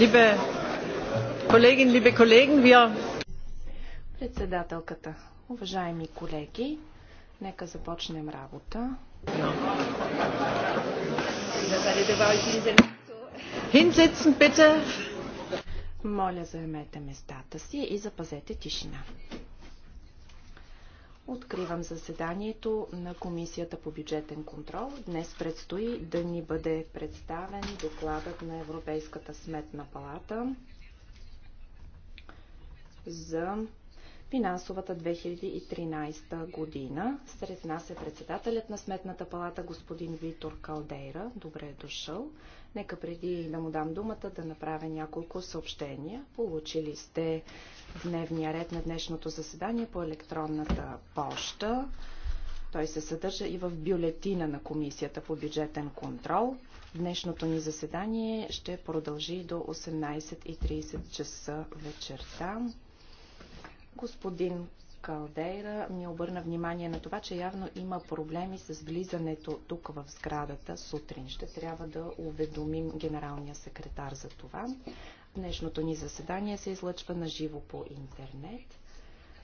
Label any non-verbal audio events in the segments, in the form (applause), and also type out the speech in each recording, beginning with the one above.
Либе, колеги, либе колеги, вие... Председателката, уважаеми колеги, нека започнем работа. Моля, заемете местата си и запазете тишина. Откривам заседанието на Комисията по бюджетен контрол. Днес предстои да ни бъде представен докладът на Европейската сметна палата за финансовата 2013 година. Сред нас е председателят на Сметната палата господин Витор Калдейра. Добре е дошъл. Нека преди да му дам думата да направя няколко съобщения. Получили сте дневния ред на днешното заседание по електронната поща. Той се съдържа и в бюлетина на Комисията по бюджетен контрол. Днешното ни заседание ще продължи до 18.30 часа вечерта. Господин Калдейра ми обърна внимание на това, че явно има проблеми с влизането тук в сградата сутрин. Ще трябва да уведомим генералния секретар за това. Днешното ни заседание се излъчва на живо по интернет.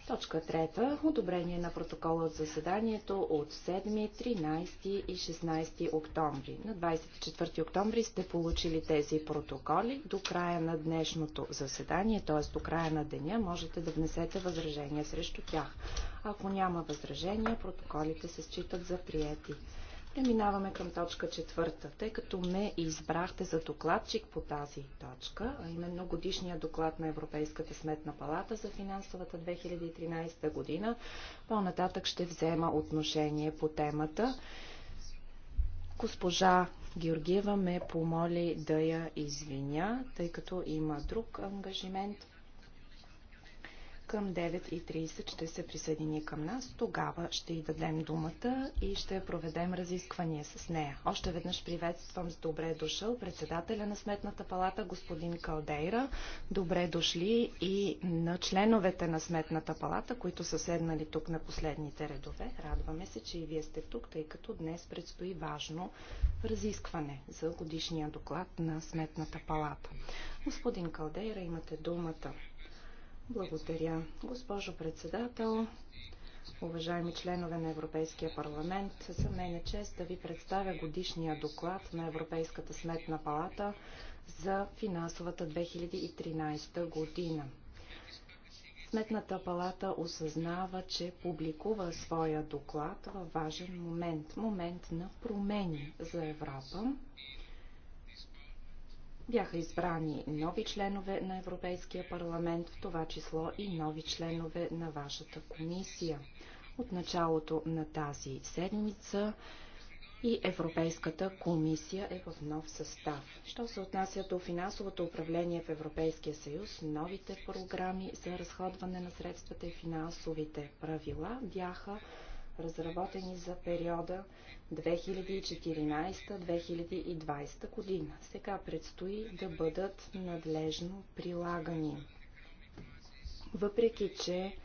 Точка трета. Одобрение на протокола от заседанието от 7, 13 и 16 октомври. На 24 октомври сте получили тези протоколи. До края на днешното заседание, т.е. до края на деня, можете да внесете възражения срещу тях. Ако няма възражения, протоколите се считат за приети. Преминаваме към точка четвърта. Тъй като ме избрахте за докладчик по тази точка, а именно годишния доклад на Европейската сметна палата за финансовата 2013 година, по-нататък ще взема отношение по темата. Госпожа Георгиева ме помоли да я извиня, тъй като има друг ангажимент към 9.30 ще се присъедини към нас. Тогава ще й дадем думата и ще проведем разисквания с нея. Още веднъж приветствам с добре дошъл председателя на Сметната палата, господин Калдейра. Добре дошли и на членовете на Сметната палата, които са седнали тук на последните редове. Радваме се, че и вие сте тук, тъй като днес предстои важно разискване за годишния доклад на Сметната палата. Господин Калдейра, имате думата. Благодаря. Госпожо председател, уважаеми членове на Европейския парламент, за мен е чест да ви представя годишния доклад на Европейската сметна палата за финансовата 2013 година. Сметната палата осъзнава, че публикува своя доклад във важен момент, момент на промени за Европа. Бяха избрани нови членове на Европейския парламент, в това число и нови членове на вашата комисия. От началото на тази седмица и Европейската комисия е в нов състав. Що се отнася до финансовото управление в Европейския съюз, новите програми за разходване на средствата и финансовите правила бяха разработени за периода 2014-2020 година. Сега предстои да бъдат надлежно прилагани. Въпреки, че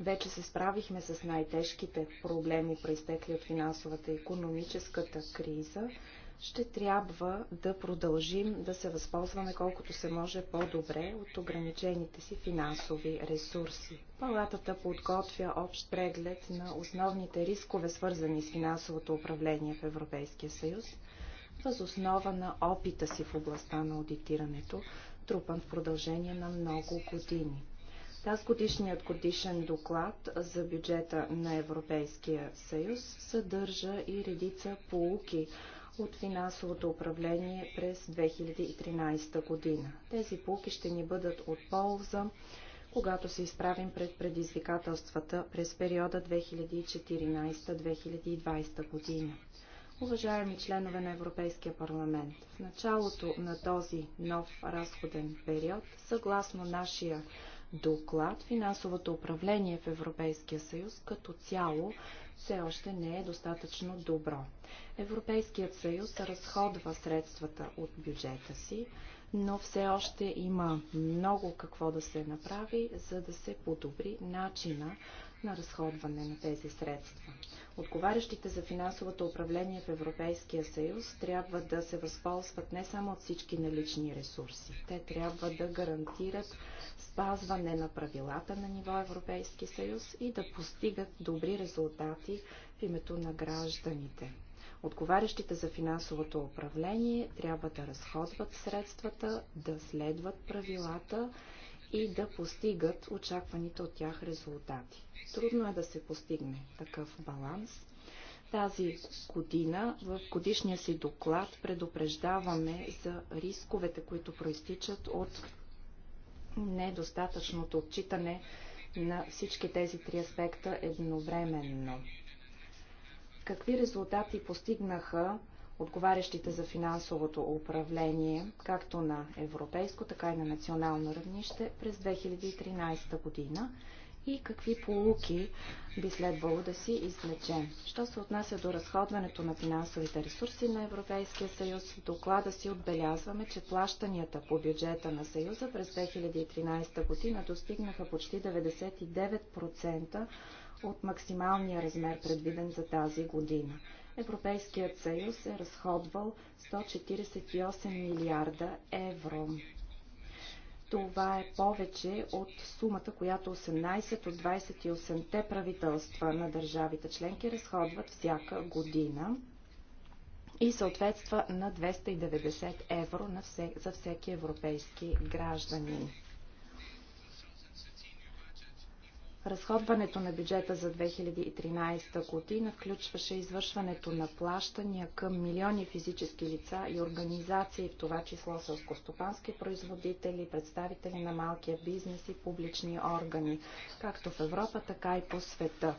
вече се справихме с най-тежките проблеми, произтекли от финансовата и економическата криза, ще трябва да продължим да се възползваме колкото се може по-добре от ограничените си финансови ресурси. Палатата подготвя общ преглед на основните рискове, свързани с финансовото управление в Европейския съюз, въз основа на опита си в областта на аудитирането, трупан в продължение на много години. Таз годишният годишен доклад за бюджета на Европейския съюз съдържа и редица полуки от финансовото управление през 2013 година. Тези полки ще ни бъдат от полза, когато се изправим пред предизвикателствата през периода 2014-2020 година. Уважаеми членове на Европейския парламент, в началото на този нов разходен период, съгласно нашия доклад, финансовото управление в Европейския съюз като цяло все още не е достатъчно добро. Европейският съюз разходва средствата от бюджета си, но все още има много какво да се направи, за да се подобри начина на разходване на тези средства. Отговарящите за финансовото управление в Европейския съюз трябва да се възползват не само от всички налични ресурси. Те трябва да гарантират спазване на правилата на ниво Европейски съюз и да постигат добри резултати в името на гражданите. Отговарящите за финансовото управление трябва да разходват средствата, да следват правилата и да постигат очакваните от тях резултати. Трудно е да се постигне такъв баланс. Тази година в годишния си доклад предупреждаваме за рисковете, които проистичат от недостатъчното отчитане на всички тези три аспекта едновременно. Какви резултати постигнаха отговарящите за финансовото управление, както на европейско, така и на национално равнище през 2013 година и какви полуки би следвало да си извлечем. Що се отнася до разходването на финансовите ресурси на Европейския съюз, в доклада си отбелязваме, че плащанията по бюджета на Съюза през 2013 година достигнаха почти 99% от максималния размер предвиден за тази година. Европейският съюз е разходвал 148 милиарда евро. Това е повече от сумата, която 18 от 28-те правителства на държавите членки разходват всяка година и съответства на 290 евро на за всеки европейски гражданин. Разходването на бюджета за 2013 година включваше извършването на плащания към милиони физически лица и организации, в това число сълскостопански производители, представители на малкия бизнес и публични органи, както в Европа, така и по света.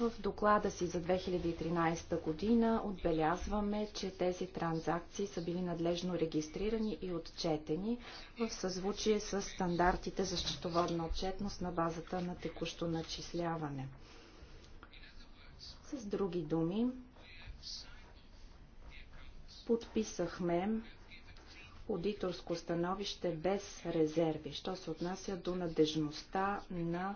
В доклада си за 2013 година отбелязваме, че тези транзакции са били надлежно регистрирани и отчетени в съзвучие с стандартите за счетоводна отчетност на базата на текущо начисляване. С други думи, подписахме аудиторско становище без резерви, що се отнася до надежността на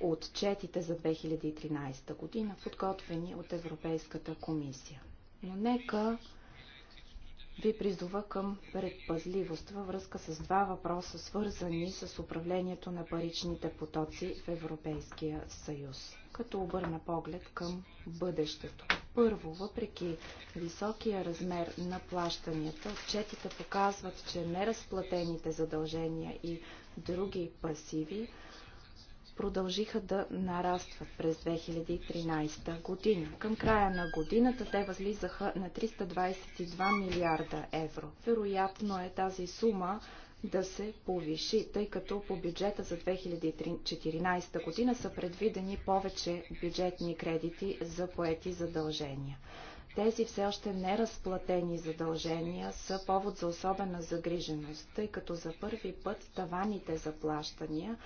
отчетите за 2013 година, подготвени от Европейската комисия. Но нека ви призова към предпазливост във връзка с два въпроса, свързани с управлението на паричните потоци в Европейския съюз. Като обърна поглед към бъдещето. Първо, въпреки високия размер на плащанията, отчетите показват, че неразплатените задължения и други пасиви продължиха да нарастват през 2013 година. Към края на годината те възлизаха на 322 милиарда евро. Вероятно е тази сума да се повиши, тъй като по бюджета за 2014 година са предвидени повече бюджетни кредити за поети задължения. Тези все още неразплатени задължения са повод за особена загриженост, тъй като за първи път таваните заплащания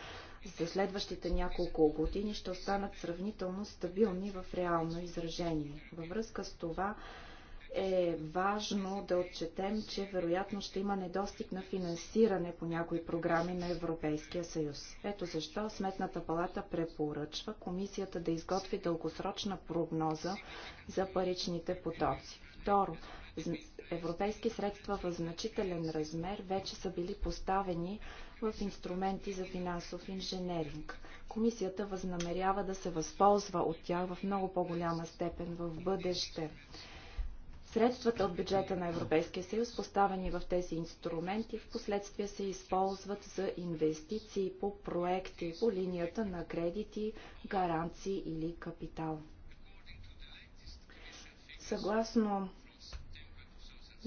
за следващите няколко години ще останат сравнително стабилни в реално изражение. Във връзка с това е важно да отчетем, че вероятно ще има недостиг на финансиране по някои програми на Европейския съюз. Ето защо Сметната палата препоръчва комисията да изготви дългосрочна прогноза за паричните потоци. Второ, европейски средства в значителен размер вече са били поставени в инструменти за финансов инженеринг. Комисията възнамерява да се възползва от тях в много по-голяма степен в бъдеще. Средствата от бюджета на Европейския съюз, поставени в тези инструменти, в последствие се използват за инвестиции по проекти по линията на кредити, гаранции или капитал. Съгласно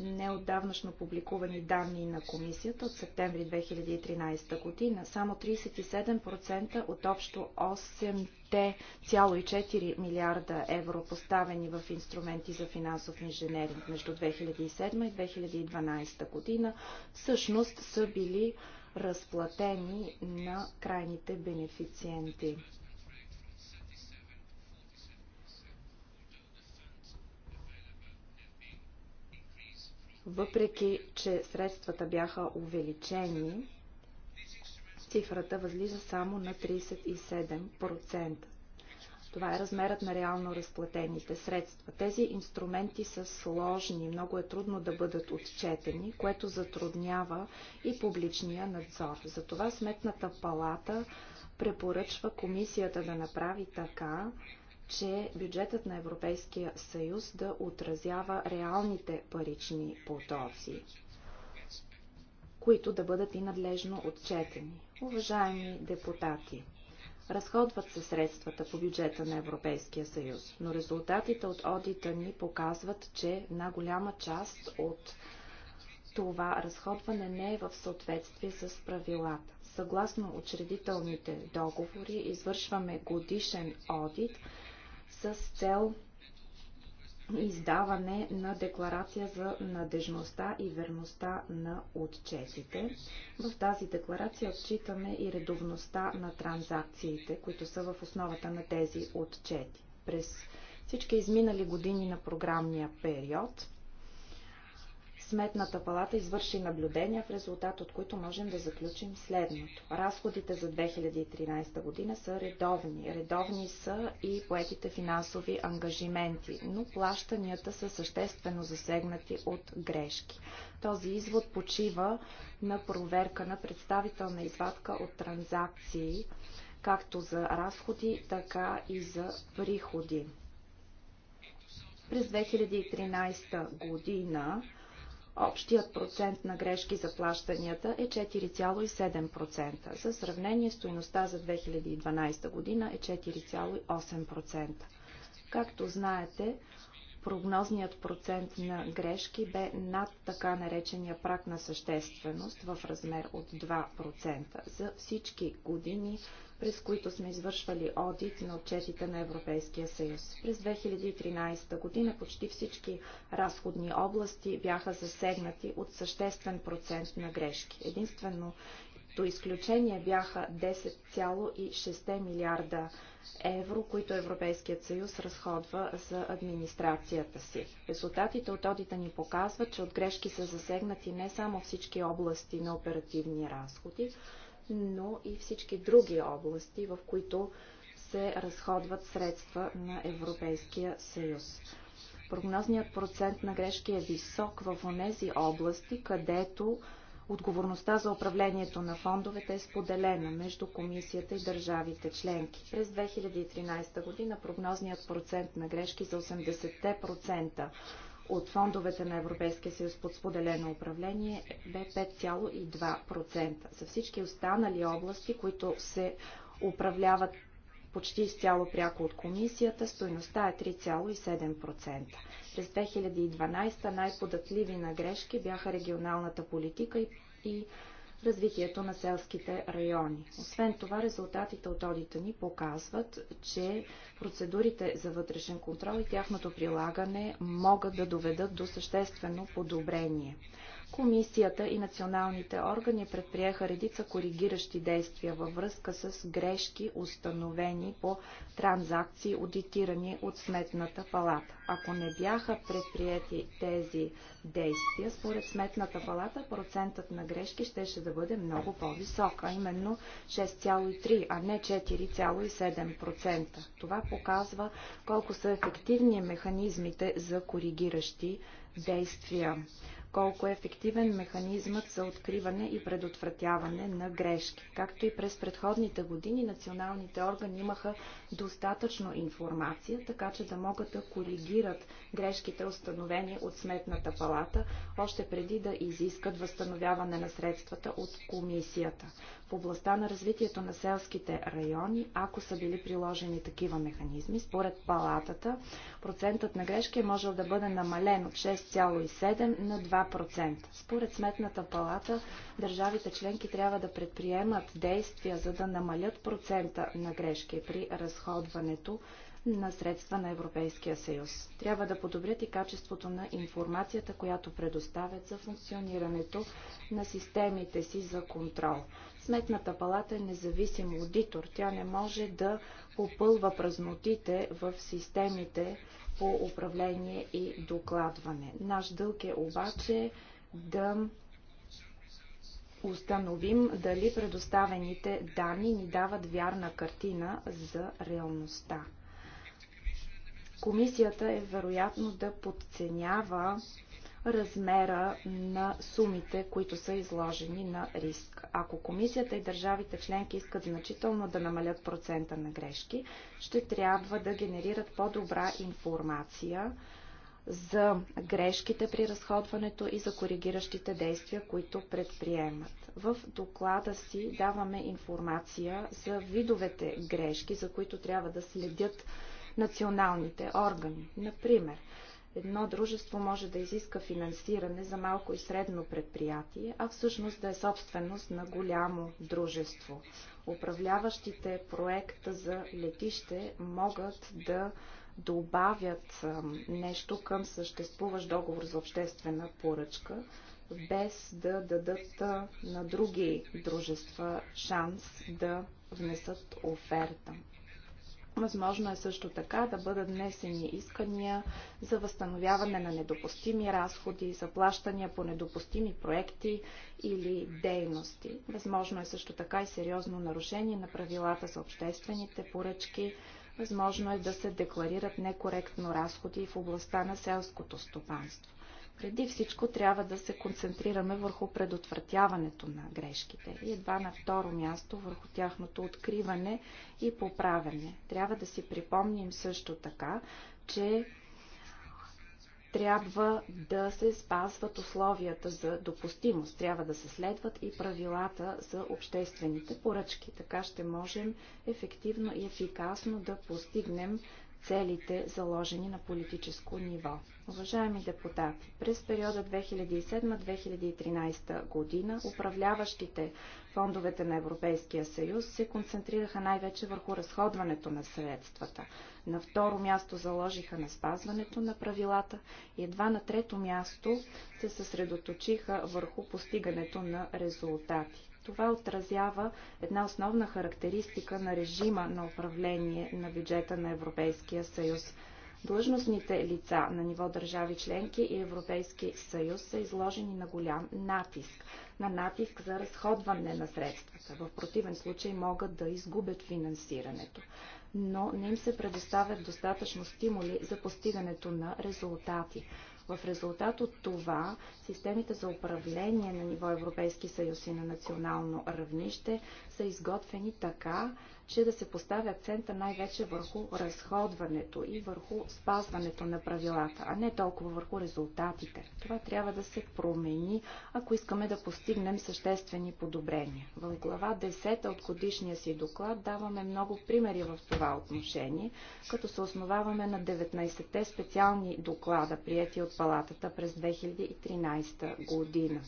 неотдавнашно публикувани данни на комисията от септември 2013 година, само 37% от общо 8,4 милиарда евро поставени в инструменти за финансов инженеринг между 2007 и 2012 година, всъщност са били разплатени на крайните бенефициенти. Въпреки, че средствата бяха увеличени, цифрата възлиза само на 37%. Това е размерът на реално разплатените средства. Тези инструменти са сложни, много е трудно да бъдат отчетени, което затруднява и публичния надзор. Затова Сметната палата препоръчва комисията да направи така, че бюджетът на Европейския съюз да отразява реалните парични потоци, които да бъдат и надлежно отчетени. Уважаеми депутати, разходват се средствата по бюджета на Европейския съюз, но резултатите от одита ни показват, че на голяма част от това разходване не е в съответствие с правилата. Съгласно учредителните договори, извършваме годишен одит, с цел издаване на декларация за надежността и верността на отчетите. В тази декларация отчитаме и редовността на транзакциите, които са в основата на тези отчети. През всички изминали години на програмния период Сметната палата извърши наблюдения, в резултат от които можем да заключим следното. Разходите за 2013 година са редовни. Редовни са и поетите финансови ангажименти, но плащанията са съществено засегнати от грешки. Този извод почива на проверка на представителна извадка от транзакции, както за разходи, така и за приходи. През 2013 година Общият процент на грешки за плащанията е 4,7%. За сравнение, стоиността за 2012 година е 4,8%. Както знаете, прогнозният процент на грешки бе над така наречения прак на същественост в размер от 2% за всички години, през които сме извършвали одит на отчетите на Европейския съюз. През 2013 година почти всички разходни области бяха засегнати от съществен процент на грешки. Единствено до изключение бяха 10,6 милиарда евро, които Европейският съюз разходва за администрацията си. Резултатите от одита ни показват, че от грешки са засегнати не само всички области на оперативни разходи, но и всички други области, в които се разходват средства на Европейския съюз. Прогнозният процент на грешки е висок в онези области, където Отговорността за управлението на фондовете е споделена между комисията и държавите членки. През 2013 година прогнозният процент на грешки за 80% от фондовете на Европейския съюз под споделено управление бе 5,2%. За всички останали области, които се управляват почти изцяло пряко от комисията, стоеността е 3,7%. През 2012 най-податливи на грешки бяха регионалната политика и, и развитието на селските райони. Освен това, резултатите от одита ни показват, че процедурите за вътрешен контрол и тяхното прилагане могат да доведат до съществено подобрение. Комисията и националните органи предприеха редица коригиращи действия във връзка с грешки, установени по транзакции, аудитирани от Сметната палата. Ако не бяха предприяти тези действия, според Сметната палата процентът на грешки щеше да бъде много по-висок, а именно 6,3, а не 4,7%. Това показва колко са ефективни механизмите за коригиращи действия колко е ефективен механизмът за откриване и предотвратяване на грешки. Както и през предходните години, националните органи имаха достатъчно информация, така че да могат да коригират грешките, установени от Сметната палата, още преди да изискат възстановяване на средствата от комисията. В областта на развитието на селските райони, ако са били приложени такива механизми, според палатата, процентът на грешки е можел да бъде намален от 6,7 на 2 2%. Според Сметната палата, държавите членки трябва да предприемат действия, за да намалят процента на грешки при разходването на средства на Европейския съюз. Трябва да подобрят и качеството на информацията, която предоставят за функционирането на системите си за контрол. Сметната палата е независим аудитор. Тя не може да попълва празнотите в системите по управление и докладване. Наш дълг е обаче да установим дали предоставените данни ни дават вярна картина за реалността. Комисията е вероятно да подценява размера на сумите, които са изложени на риск. Ако комисията и държавите членки искат значително да намалят процента на грешки, ще трябва да генерират по-добра информация за грешките при разходването и за коригиращите действия, които предприемат. В доклада си даваме информация за видовете грешки, за които трябва да следят националните органи. Например, едно дружество може да изиска финансиране за малко и средно предприятие, а всъщност да е собственост на голямо дружество. Управляващите проекта за летище могат да добавят нещо към съществуващ договор за обществена поръчка, без да дадат на други дружества шанс да внесат оферта. Възможно е също така да бъдат внесени искания за възстановяване на недопустими разходи, заплащания по недопустими проекти или дейности. Възможно е също така и сериозно нарушение на правилата за обществените поръчки. Възможно е да се декларират некоректно разходи в областта на селското стопанство. Преди всичко трябва да се концентрираме върху предотвратяването на грешките и едва на второ място върху тяхното откриване и поправяне. Трябва да си припомним също така, че трябва да се спазват условията за допустимост, трябва да се следват и правилата за обществените поръчки. Така ще можем ефективно и ефикасно да постигнем целите, заложени на политическо ниво. Уважаеми депутати, през периода 2007-2013 година управляващите фондовете на Европейския съюз се концентрираха най-вече върху разходването на средствата. На второ място заложиха на спазването на правилата и едва на трето място се съсредоточиха върху постигането на резултати. Това отразява една основна характеристика на режима на управление на бюджета на Европейския съюз. Длъжностните лица на ниво държави членки и Европейски съюз са изложени на голям натиск, на натиск за разходване на средствата. В противен случай могат да изгубят финансирането, но не им се предоставят достатъчно стимули за постигането на резултати. В резултат от това системите за управление на ниво Европейски съюз и на национално равнище са изготвени така, че да се поставя акцента най-вече върху разходването и върху спазването на правилата, а не толкова върху резултатите. Това трябва да се промени, ако искаме да постигнем съществени подобрения. В глава 10 от годишния си доклад даваме много примери в това отношение, като се основаваме на 19-те специални доклада, прияти от палатата през 2013 година.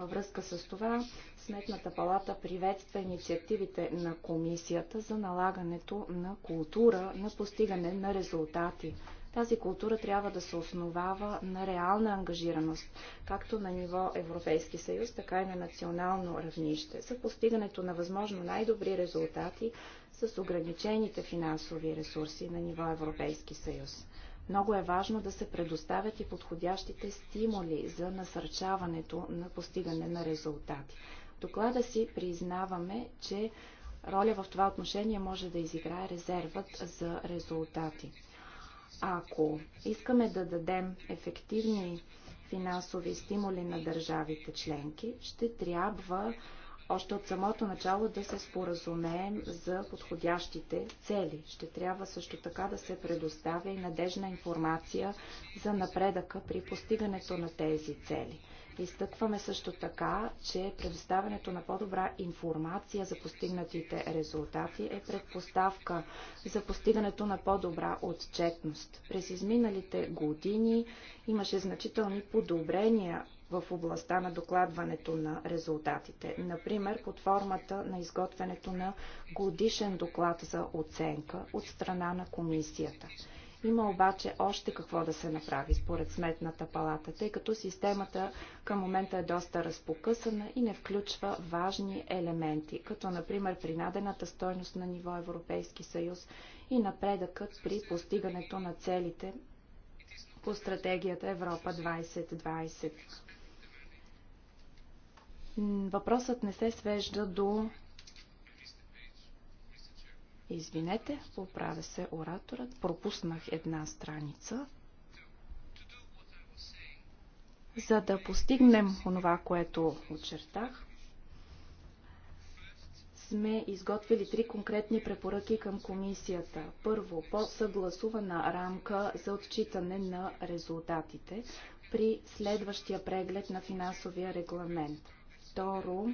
Във връзка с това, Сметната палата приветства инициативите на комисията за налагането на култура на постигане на резултати. Тази култура трябва да се основава на реална ангажираност, както на ниво Европейски съюз, така и на национално равнище, за постигането на възможно най-добри резултати с ограничените финансови ресурси на ниво Европейски съюз. Много е важно да се предоставят и подходящите стимули за насърчаването на постигане на резултати. В доклада си признаваме, че роля в това отношение може да изиграе резервът за резултати. Ако искаме да дадем ефективни финансови стимули на държавите членки, ще трябва още от самото начало да се споразумеем за подходящите цели. Ще трябва също така да се предоставя и надежна информация за напредъка при постигането на тези цели. Изтъкваме също така, че предоставянето на по-добра информация за постигнатите резултати е предпоставка за постигането на по-добра отчетност. През изминалите години имаше значителни подобрения в областта на докладването на резултатите. Например, под формата на изготвянето на годишен доклад за оценка от страна на комисията. Има обаче още какво да се направи според сметната палата, тъй като системата към момента е доста разпокъсана и не включва важни елементи, като например принадената стойност на ниво Европейски съюз и напредъкът при постигането на целите по стратегията Европа 2020. Въпросът не се свежда до... Извинете, поправя се ораторът. Пропуснах една страница. За да постигнем онова, което очертах, сме изготвили три конкретни препоръки към комисията. Първо, по-съгласувана рамка за отчитане на резултатите при следващия преглед на финансовия регламент. Второ,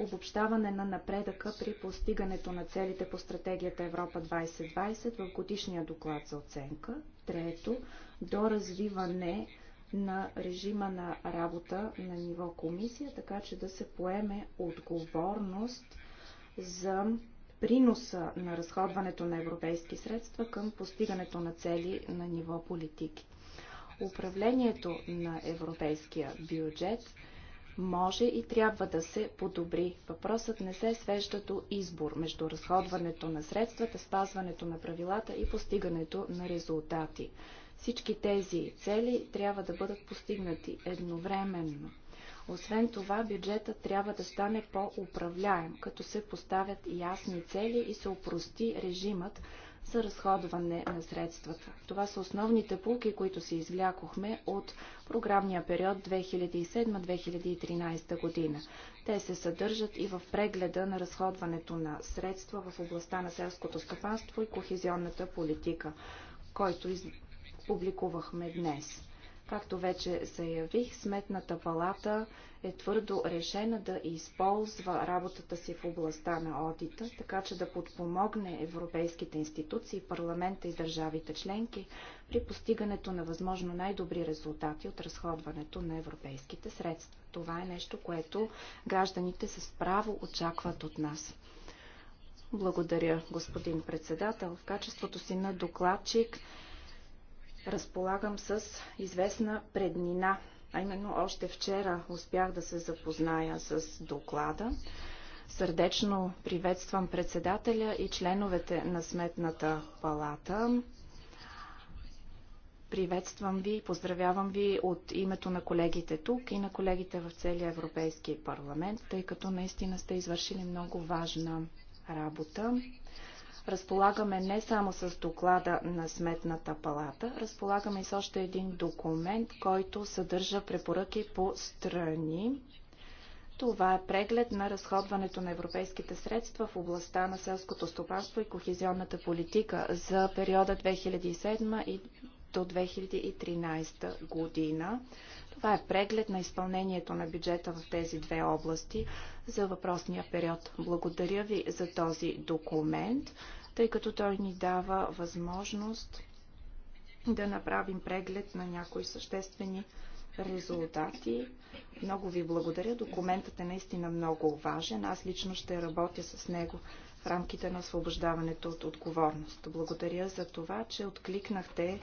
обобщаване на напредъка при постигането на целите по стратегията Европа 2020 в годишния доклад за оценка. Трето, до развиване на режима на работа на ниво комисия, така че да се поеме отговорност за приноса на разходването на европейски средства към постигането на цели на ниво политики. Управлението на европейския бюджет – може и трябва да се подобри. Въпросът не се свежда до избор между разходването на средствата, спазването на правилата и постигането на резултати. Всички тези цели трябва да бъдат постигнати едновременно. Освен това, бюджетът трябва да стане по-управляем, като се поставят ясни цели и се опрости режимът за разходване на средствата. Това са основните пулки, които се извлякохме от програмния период 2007-2013 година. Те се съдържат и в прегледа на разходването на средства в областта на селското стопанство и кохезионната политика, който публикувахме днес. Както вече заявих, Сметната палата е твърдо решена да използва работата си в областта на одита, така че да подпомогне европейските институции, парламента и държавите членки при постигането на възможно най-добри резултати от разходването на европейските средства. Това е нещо, което гражданите с право очакват от нас. Благодаря, господин председател. В качеството си на докладчик разполагам с известна преднина. А именно още вчера успях да се запозная с доклада. Сърдечно приветствам председателя и членовете на Сметната палата. Приветствам ви и поздравявам ви от името на колегите тук и на колегите в целия Европейски парламент, тъй като наистина сте извършили много важна работа разполагаме не само с доклада на Сметната палата, разполагаме и с още един документ, който съдържа препоръки по страни. Това е преглед на разходването на европейските средства в областта на селското стопанство и кохезионната политика за периода 2007 и до 2013 година. Това е преглед на изпълнението на бюджета в тези две области за въпросния период. Благодаря ви за този документ тъй като той ни дава възможност да направим преглед на някои съществени резултати. Много ви благодаря. Документът е наистина много важен. Аз лично ще работя с него в рамките на освобождаването от отговорност. Благодаря за това, че откликнахте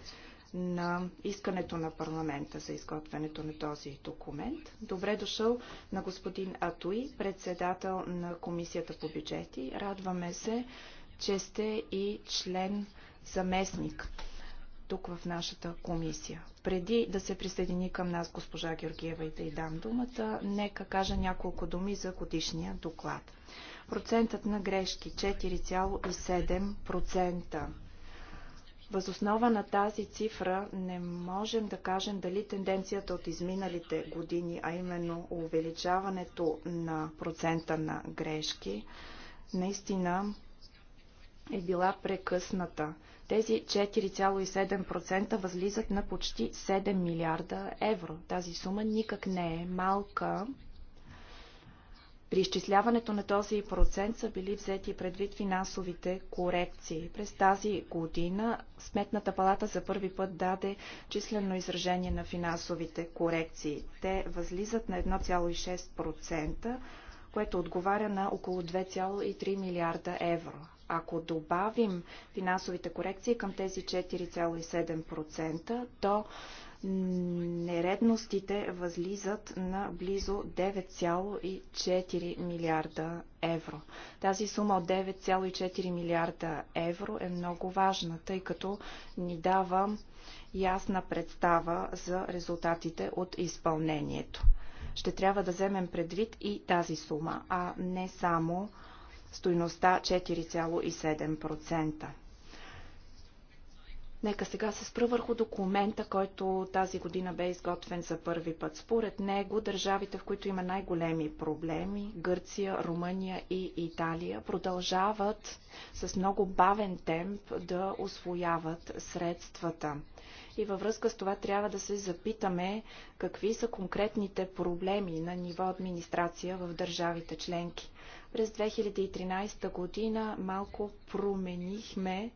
на искането на парламента за изготвянето на този документ. Добре дошъл на господин Атуи, председател на Комисията по бюджети. Радваме се, че сте и член заместник тук в нашата комисия. Преди да се присъедини към нас госпожа Георгиева и да й дам думата, нека кажа няколко думи за годишния доклад. Процентът на грешки 4,7%. Възоснова на тази цифра не можем да кажем дали тенденцията от изминалите години, а именно увеличаването на процента на грешки, наистина е била прекъсната. Тези 4,7% възлизат на почти 7 милиарда евро. Тази сума никак не е малка. При изчисляването на този процент са били взети предвид финансовите корекции. През тази година Сметната палата за първи път даде числено изражение на финансовите корекции. Те възлизат на 1,6%, което отговаря на около 2,3 милиарда евро. Ако добавим финансовите корекции към тези 4,7%, то нередностите възлизат на близо 9,4 милиарда евро. Тази сума от 9,4 милиарда евро е много важна, тъй като ни дава ясна представа за резултатите от изпълнението. Ще трябва да вземем предвид и тази сума, а не само стойността 4,7%. Нека сега се спра върху документа, който тази година бе изготвен за първи път. Според него, държавите, в които има най-големи проблеми, Гърция, Румъния и Италия, продължават с много бавен темп да освояват средствата. И във връзка с това трябва да се запитаме какви са конкретните проблеми на ниво администрация в държавите членки. През 2013 година малко променихме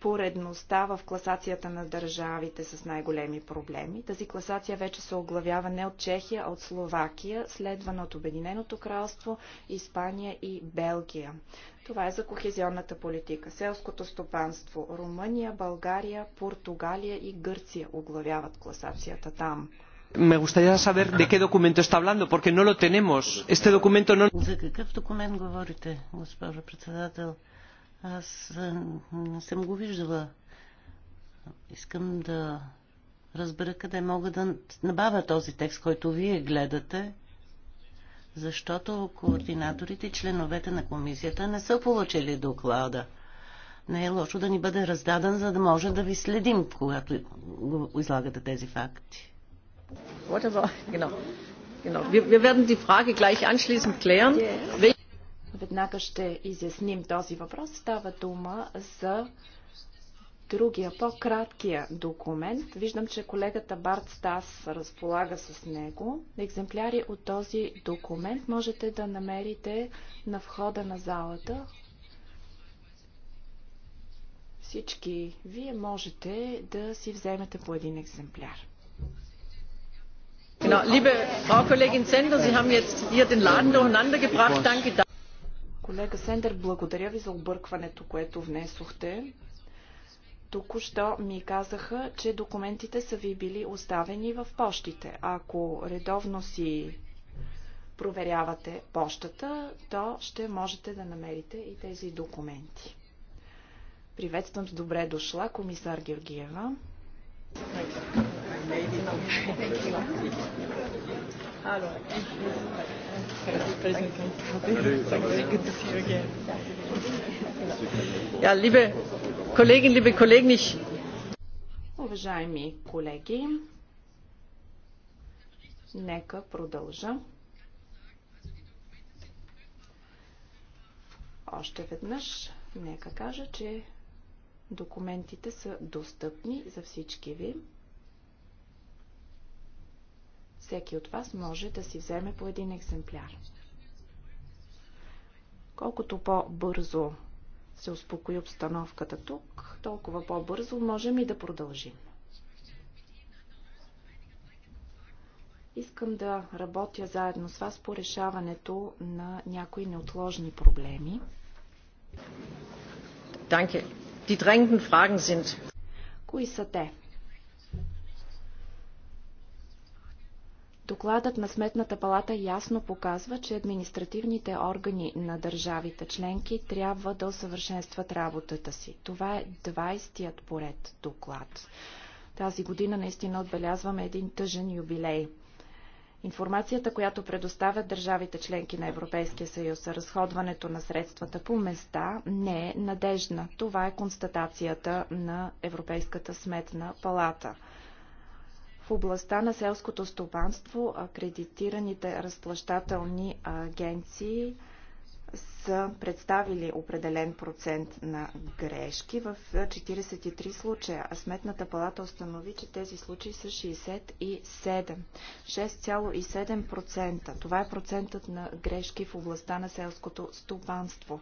поредността в класацията на държавите с най-големи проблеми. Тази класация вече се оглавява не от Чехия, а от Словакия, следвана от Обединеното кралство, Испания и Белгия. Това е за кохезионната политика. Селското стопанство. Румъния, България, Португалия и Гърция оглавяват класацията там. Me gustaría saber de qué documento está hablando, porque no lo tenemos. Este документ no... За какъв документ говорите, госпожо председател? Аз не съм го виждала. Искам да разбера къде мога да набавя този текст, който вие гледате, защото координаторите и членовете на комисията не са получили доклада. Не е лошо да ни бъде раздаден, за да може да ви следим, когато излагате тези факти. (laughs) Веднага ще изясним този въпрос. Става дума за другия, по-краткия документ. Виждам, че колегата Барт Стас разполага с него. Екземпляри от този документ можете да намерите на входа на залата. Всички вие можете да си вземете по един екземпляр. Liebe Frau Kollegin Sender, Sie haben jetzt hier den Laden durcheinander gebracht. Danke. Колега Сендер, благодаря ви за объркването, което внесохте. Току-що ми казаха, че документите са ви били оставени в почтите. Ако редовно си проверявате почтата, то ще можете да намерите и тези документи. Приветствам с добре дошла комисар Георгиева. Добре ja, liebe Kolleginnen, liebe Kollegen, ich Уважаеми колеги, нека продължа. Още веднъж, нека кажа, че документите са достъпни за всички ви. Всеки от вас може да си вземе по един екземпляр. Колкото по-бързо се успокои обстановката тук, толкова по-бързо можем и да продължим. Искам да работя заедно с вас по решаването на някои неотложни проблеми. Данке. Die drängenden Fragen sind. Кои са те? Докладът на Сметната палата ясно показва, че административните органи на държавите членки трябва да усъвършенстват работата си. Това е 20-тият поред доклад. Тази година наистина отбелязваме един тъжен юбилей. Информацията, която предоставят държавите членки на Европейския съюз за разходването на средствата по места, не е надежна. Това е констатацията на Европейската сметна палата – в областта на селското стопанство акредитираните разплащателни агенции са представили определен процент на грешки в 43 случая, а Сметната палата установи, че тези случаи са 67. 6,7%. Това е процентът на грешки в областта на селското стопанство.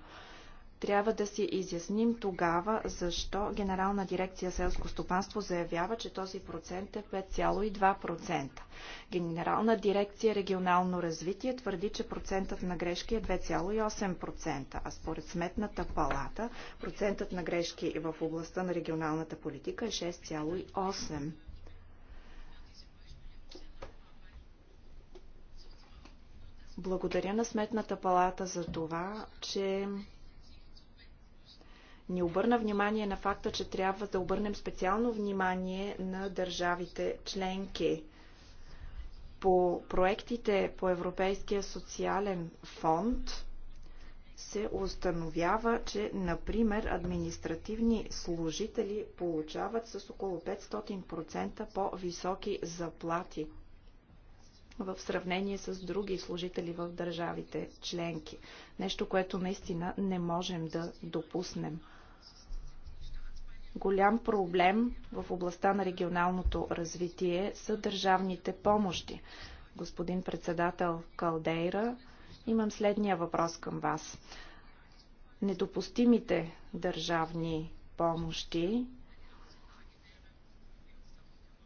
Трябва да си изясним тогава, защо Генерална дирекция селско стопанство заявява, че този процент е 5,2%. Генерална дирекция регионално развитие твърди, че процентът на грешки е 2,8%, а според Сметната палата процентът на грешки в областта на регионалната политика е 6,8%. Благодаря на Сметната палата за това, че ни обърна внимание на факта, че трябва да обърнем специално внимание на държавите членки. По проектите по Европейския социален фонд се установява, че, например, административни служители получават с около 500% по-високи заплати в сравнение с други служители в държавите членки. Нещо, което наистина не можем да допуснем. Голям проблем в областта на регионалното развитие са държавните помощи. Господин председател Калдейра, имам следния въпрос към вас. Недопустимите държавни помощи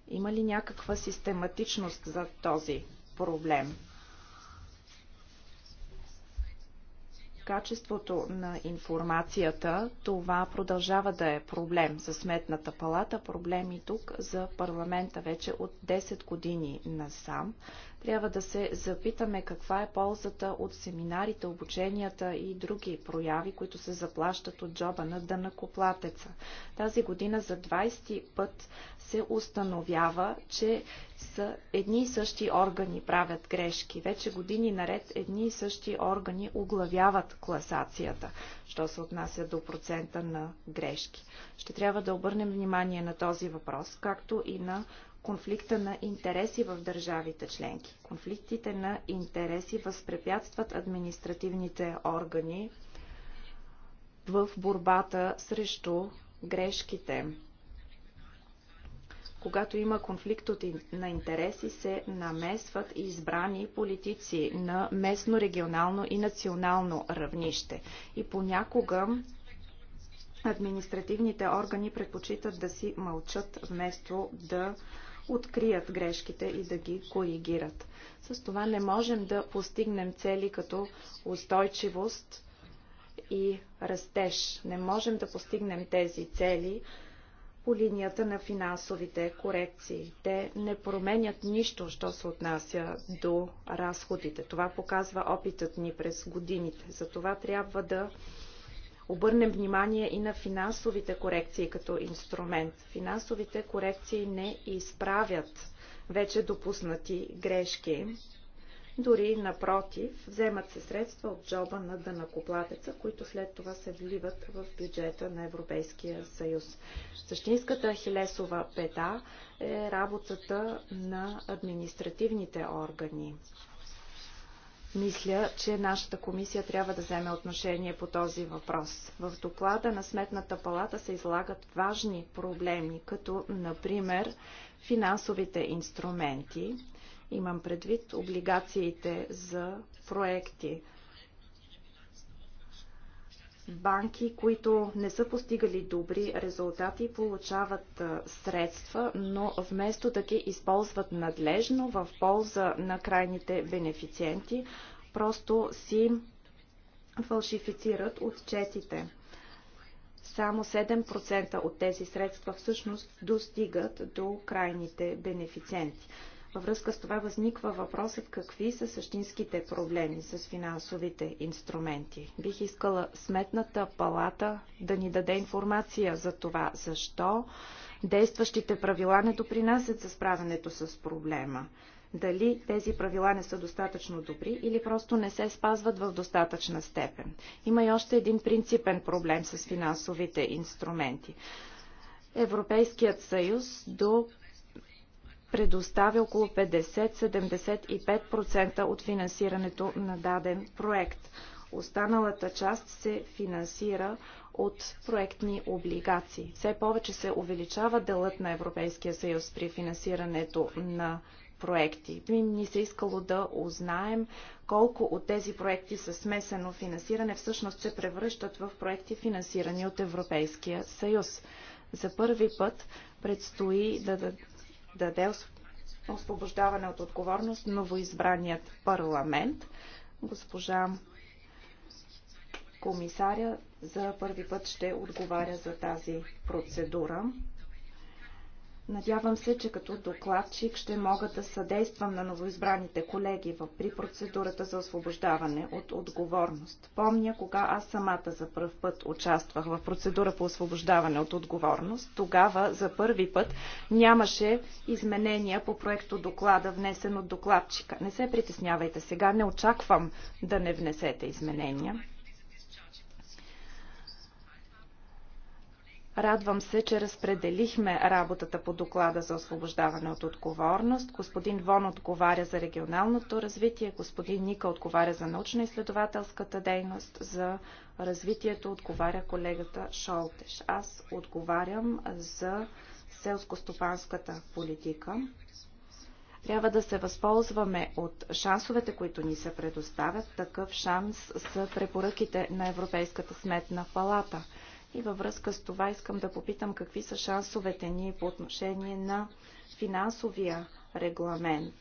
има ли някаква систематичност за този проблем? качеството на информацията, това продължава да е проблем за Сметната палата, проблем и тук за парламента вече от 10 години насам трябва да се запитаме каква е ползата от семинарите, обученията и други прояви, които се заплащат от джоба на дънакоплатеца. Тази година за 20 път се установява, че са едни и същи органи правят грешки. Вече години наред едни и същи органи оглавяват класацията, що се отнася до процента на грешки. Ще трябва да обърнем внимание на този въпрос, както и на конфликта на интереси в държавите членки. Конфликтите на интереси възпрепятстват административните органи в борбата срещу грешките. Когато има конфликт на интереси, се намесват избрани политици на местно, регионално и национално равнище. И понякога административните органи предпочитат да си мълчат, вместо да открият грешките и да ги коригират. С това не можем да постигнем цели като устойчивост и растеж. Не можем да постигнем тези цели по линията на финансовите корекции. Те не променят нищо, що се отнася до разходите. Това показва опитът ни през годините. Затова трябва да обърнем внимание и на финансовите корекции като инструмент. Финансовите корекции не изправят вече допуснати грешки. Дори напротив, вземат се средства от джоба на дънакоплатеца, които след това се вливат в бюджета на Европейския съюз. Същинската хилесова пета е работата на административните органи. Мисля, че нашата комисия трябва да вземе отношение по този въпрос. В доклада на Сметната палата се излагат важни проблеми, като например финансовите инструменти. Имам предвид облигациите за проекти банки, които не са постигали добри резултати, получават средства, но вместо да ги използват надлежно в полза на крайните бенефициенти, просто си фалшифицират отчетите. Само 7% от тези средства всъщност достигат до крайните бенефициенти. Във връзка с това възниква въпросът какви са същинските проблеми с финансовите инструменти. Бих искала Сметната палата да ни даде информация за това, защо действащите правила не допринасят за справянето с проблема. Дали тези правила не са достатъчно добри или просто не се спазват в достатъчна степен. Има и още един принципен проблем с финансовите инструменти. Европейският съюз до предоставя около 50-75% от финансирането на даден проект. Останалата част се финансира от проектни облигации. Все повече се увеличава делът на Европейския съюз при финансирането на проекти. Би ни се искало да узнаем колко от тези проекти с смесено финансиране всъщност се превръщат в проекти финансирани от Европейския съюз. За първи път предстои да даде освобождаване от отговорност новоизбраният парламент. Госпожа комисаря за първи път ще отговаря за тази процедура. Надявам се, че като докладчик ще мога да съдействам на новоизбраните колеги при процедурата за освобождаване от отговорност. Помня, кога аз самата за първ път участвах в процедура по освобождаване от отговорност, тогава за първи път нямаше изменения по проекто доклада, внесен от докладчика. Не се притеснявайте сега, не очаквам да не внесете изменения. Радвам се, че разпределихме работата по доклада за освобождаване от отговорност. Господин Вон отговаря за регионалното развитие, господин Ника отговаря за научно-изследователската дейност, за развитието отговаря колегата Шолтеш. Аз отговарям за селско-стопанската политика. Трябва да се възползваме от шансовете, които ни се предоставят. Такъв шанс са препоръките на Европейската сметна палата – и във връзка с това искам да попитам какви са шансовете ни по отношение на финансовия регламент.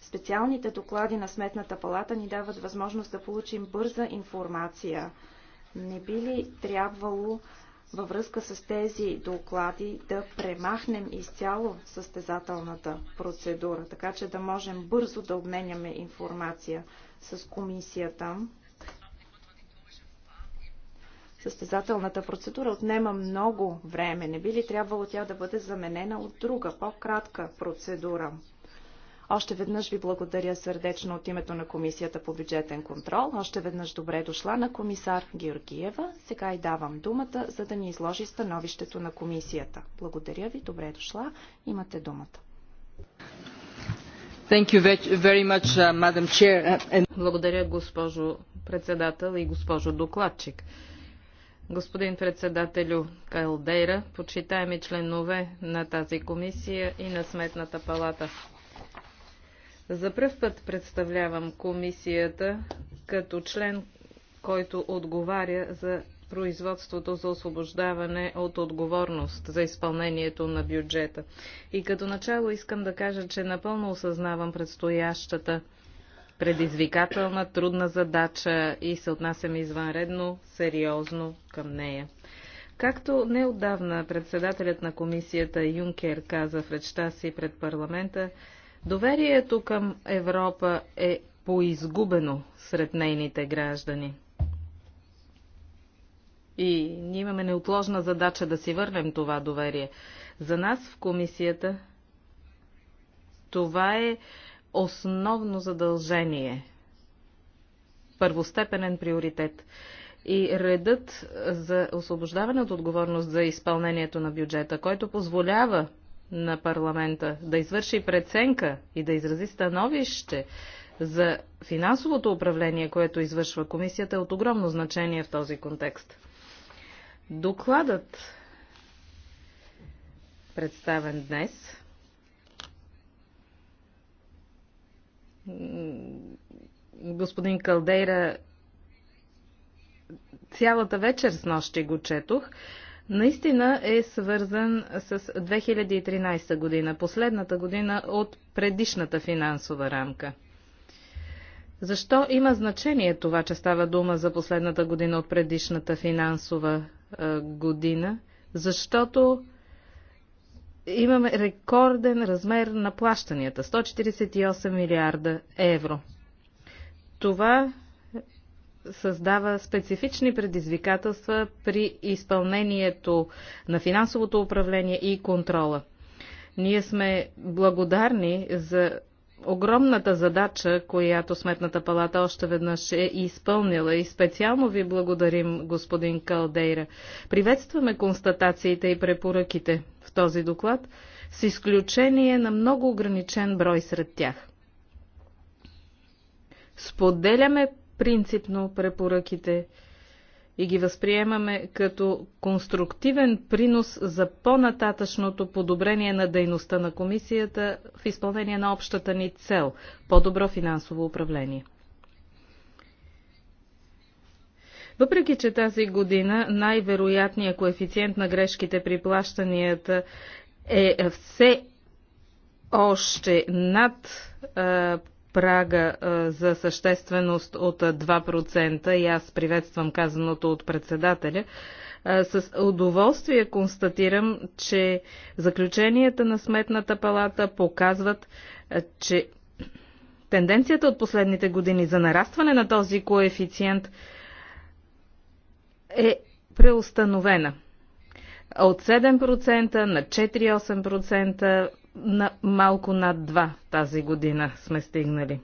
Специалните доклади на Сметната палата ни дават възможност да получим бърза информация. Не би ли трябвало във връзка с тези доклади да премахнем изцяло състезателната процедура, така че да можем бързо да обменяме информация с комисията? състезателната процедура отнема много време. Не би ли трябвало тя да бъде заменена от друга, по-кратка процедура? Още веднъж ви благодаря сърдечно от името на Комисията по бюджетен контрол. Още веднъж добре дошла на комисар Георгиева. Сега и давам думата, за да ни изложи становището на комисията. Благодаря ви, добре дошла. Имате думата. Much, uh, uh, Благодаря, госпожо председател и госпожо докладчик. Господин председателю Калдейра, почитаеми членове на тази комисия и на Сметната палата. За пръв път представлявам комисията като член, който отговаря за производството за освобождаване от отговорност за изпълнението на бюджета. И като начало искам да кажа, че напълно осъзнавам предстоящата предизвикателна, трудна задача и се отнасяме извънредно сериозно към нея. Както неодавна председателят на комисията Юнкер каза в речта си пред парламента, доверието към Европа е поизгубено сред нейните граждани. И ние имаме неотложна задача да си върнем това доверие. За нас в комисията това е основно задължение, първостепенен приоритет. И редът за освобождаване от отговорност за изпълнението на бюджета, който позволява на парламента да извърши преценка и да изрази становище за финансовото управление, което извършва комисията, е от огромно значение в този контекст. Докладът, представен днес, господин Калдейра, цялата вечер с нощи го четох, наистина е свързан с 2013 година, последната година от предишната финансова рамка. Защо има значение това, че става дума за последната година от предишната финансова година? Защото имаме рекорден размер на плащанията 148 милиарда евро. Това създава специфични предизвикателства при изпълнението на финансовото управление и контрола. Ние сме благодарни за огромната задача, която Сметната палата още веднъж е изпълнила и специално ви благодарим, господин Калдейра. Приветстваме констатациите и препоръките в този доклад, с изключение на много ограничен брой сред тях. Споделяме принципно препоръките и ги възприемаме като конструктивен принос за по-нататъчното подобрение на дейността на комисията в изпълнение на общата ни цел – по-добро финансово управление. Въпреки, че тази година най-вероятният коефициент на грешките при плащанията е все още над прага за същественост от 2% и аз приветствам казаното от председателя. С удоволствие констатирам, че заключенията на Сметната палата показват, че тенденцията от последните години за нарастване на този коефициент е преустановена от 7% на 4-8% на малко над два тази година сме стигнали.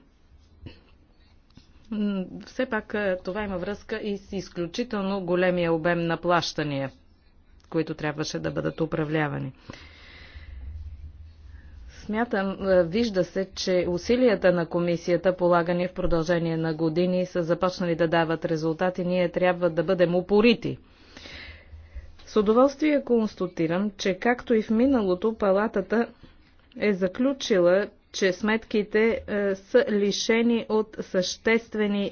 Все пак е, това има връзка и с изключително големия обем на плащания, които трябваше да бъдат управлявани. Смятам, е, вижда се, че усилията на комисията, полагани в продължение на години, са започнали да дават резултати. Ние трябва да бъдем упорити. С удоволствие констатирам, че както и в миналото, палатата е заключила, че сметките е, са лишени от съществени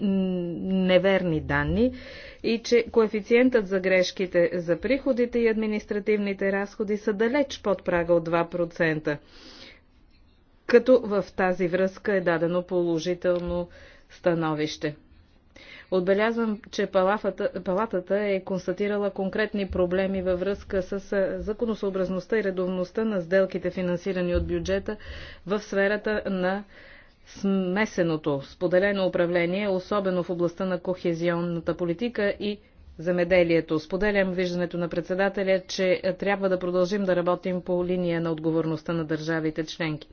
неверни данни и че коефициентът за грешките за приходите и административните разходи са далеч под прага от 2%. Като в тази връзка е дадено положително становище. Отбелязвам, че палафата, палатата е констатирала конкретни проблеми във връзка с законосъобразността и редовността на сделките, финансирани от бюджета в сферата на смесеното споделено управление, особено в областта на кохезионната политика и замеделието. Споделям виждането на председателя, че трябва да продължим да работим по линия на отговорността на държавите членки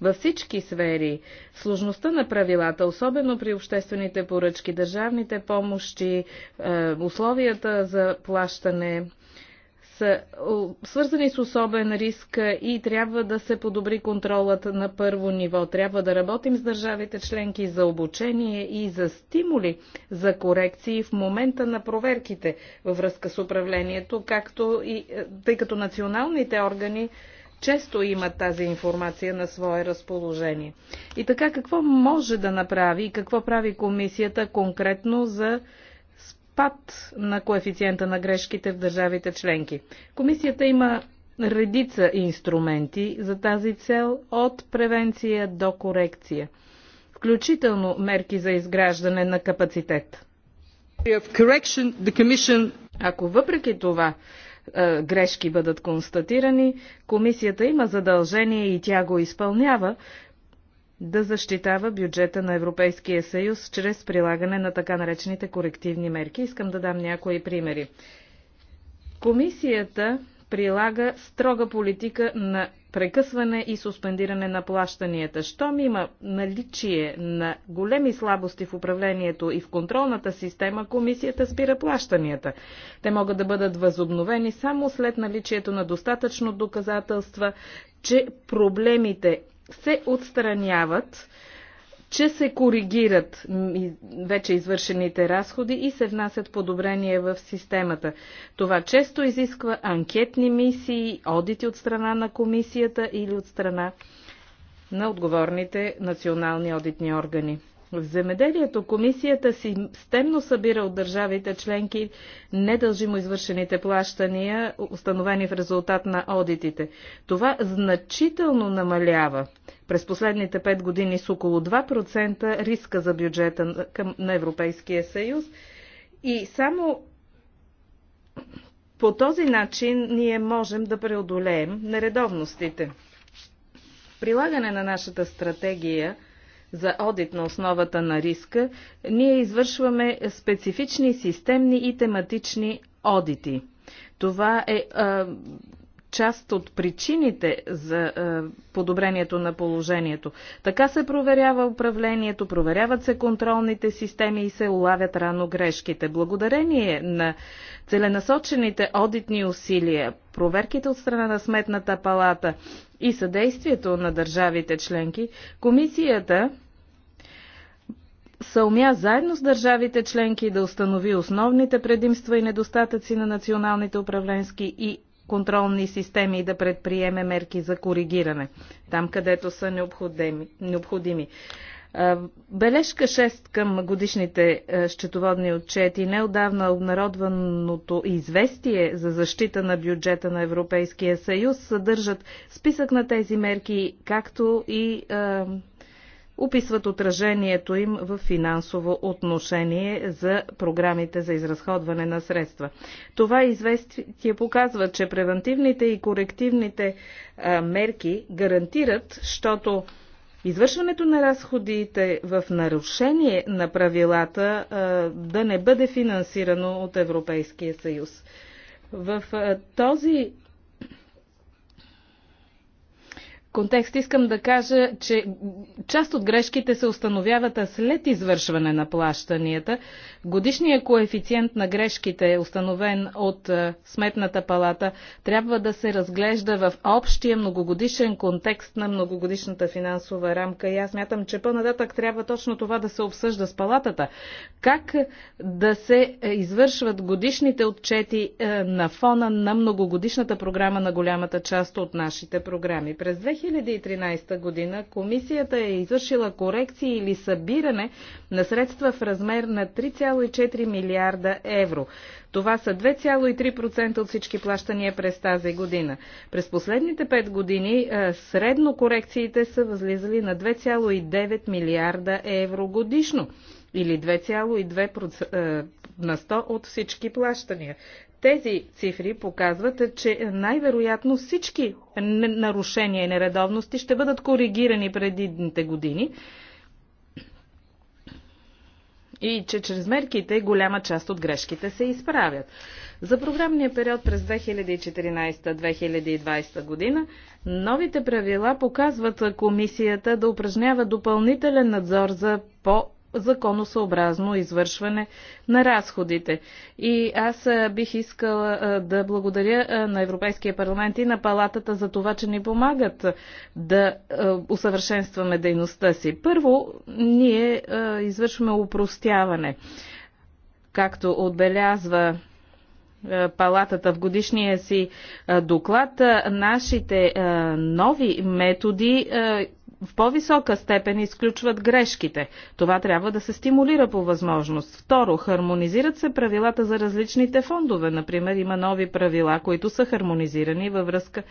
във всички сфери. Сложността на правилата, особено при обществените поръчки, държавните помощи, е, условията за плащане, са свързани с особен риск и трябва да се подобри контролът на първо ниво. Трябва да работим с държавите членки за обучение и за стимули за корекции в момента на проверките във връзка с управлението, както и е, тъй като националните органи често имат тази информация на свое разположение. И така, какво може да направи и какво прави комисията конкретно за спад на коефициента на грешките в държавите членки? Комисията има редица инструменти за тази цел от превенция до корекция, включително мерки за изграждане на капацитет. Ако въпреки това е, грешки бъдат констатирани, комисията има задължение и тя го изпълнява да защитава бюджета на Европейския съюз чрез прилагане на така наречените корективни мерки. Искам да дам някои примери. Комисията прилага строга политика на прекъсване и суспендиране на плащанията. Щом има наличие на големи слабости в управлението и в контролната система, комисията спира плащанията. Те могат да бъдат възобновени само след наличието на достатъчно доказателства, че проблемите се отстраняват че се коригират вече извършените разходи и се внасят подобрения в системата. Това често изисква анкетни мисии, одити от страна на комисията или от страна на отговорните национални одитни органи. В земеделието комисията системно събира от държавите членки недължимо извършените плащания, установени в резултат на одитите. Това значително намалява през последните 5 години с около 2% риска за бюджета на Европейския съюз и само по този начин ние можем да преодолеем нередовностите. Прилагане на нашата стратегия за одит на основата на риска, ние извършваме специфични системни и тематични одити. Това е а, част от причините за а, подобрението на положението. Така се проверява управлението, проверяват се контролните системи и се улавят рано грешките. Благодарение на целенасочените одитни усилия, проверките от страна на Сметната палата и съдействието на държавите членки, комисията съумя заедно с държавите членки да установи основните предимства и недостатъци на националните управленски и контролни системи и да предприеме мерки за коригиране, там където са необходими. Бележка 6 към годишните счетоводни отчети, неодавна обнародваното известие за защита на бюджета на Европейския съюз съдържат списък на тези мерки, както и е, описват отражението им в финансово отношение за програмите за изразходване на средства. Това известие показва, че превентивните и корективните е, мерки гарантират, защото извършването на разходите в нарушение на правилата да не бъде финансирано от Европейския съюз. В този контекст искам да кажа, че част от грешките се установяват след извършване на плащанията. Годишният коефициент на грешките, установен от Сметната палата, трябва да се разглежда в общия многогодишен контекст на многогодишната финансова рамка. И аз мятам, че по-нататък трябва точно това да се обсъжда с палатата. Как да се е, извършват годишните отчети е, на фона на многогодишната програма на голямата част от нашите програми. През 2000 2013 година комисията е извършила корекции или събиране на средства в размер на 3,4 милиарда евро. Това са 2,3% от всички плащания през тази година. През последните 5 години средно корекциите са възлизали на 2,9 милиарда евро годишно или 2,2% на 100 от всички плащания. Тези цифри показват, че най-вероятно всички нарушения и нередовности ще бъдат коригирани предидните години и че чрез мерките голяма част от грешките се изправят. За програмния период през 2014-2020 година новите правила показват комисията да упражнява допълнителен надзор за по законосъобразно извършване на разходите. И аз бих искала да благодаря на Европейския парламент и на палатата за това, че ни помагат да усъвършенстваме дейността си. Първо, ние извършваме упростяване. Както отбелязва палатата в годишния си доклад, нашите нови методи в по-висока степен изключват грешките. Това трябва да се стимулира по възможност. Второ, хармонизират се правилата за различните фондове. Например, има нови правила, които са хармонизирани във връзка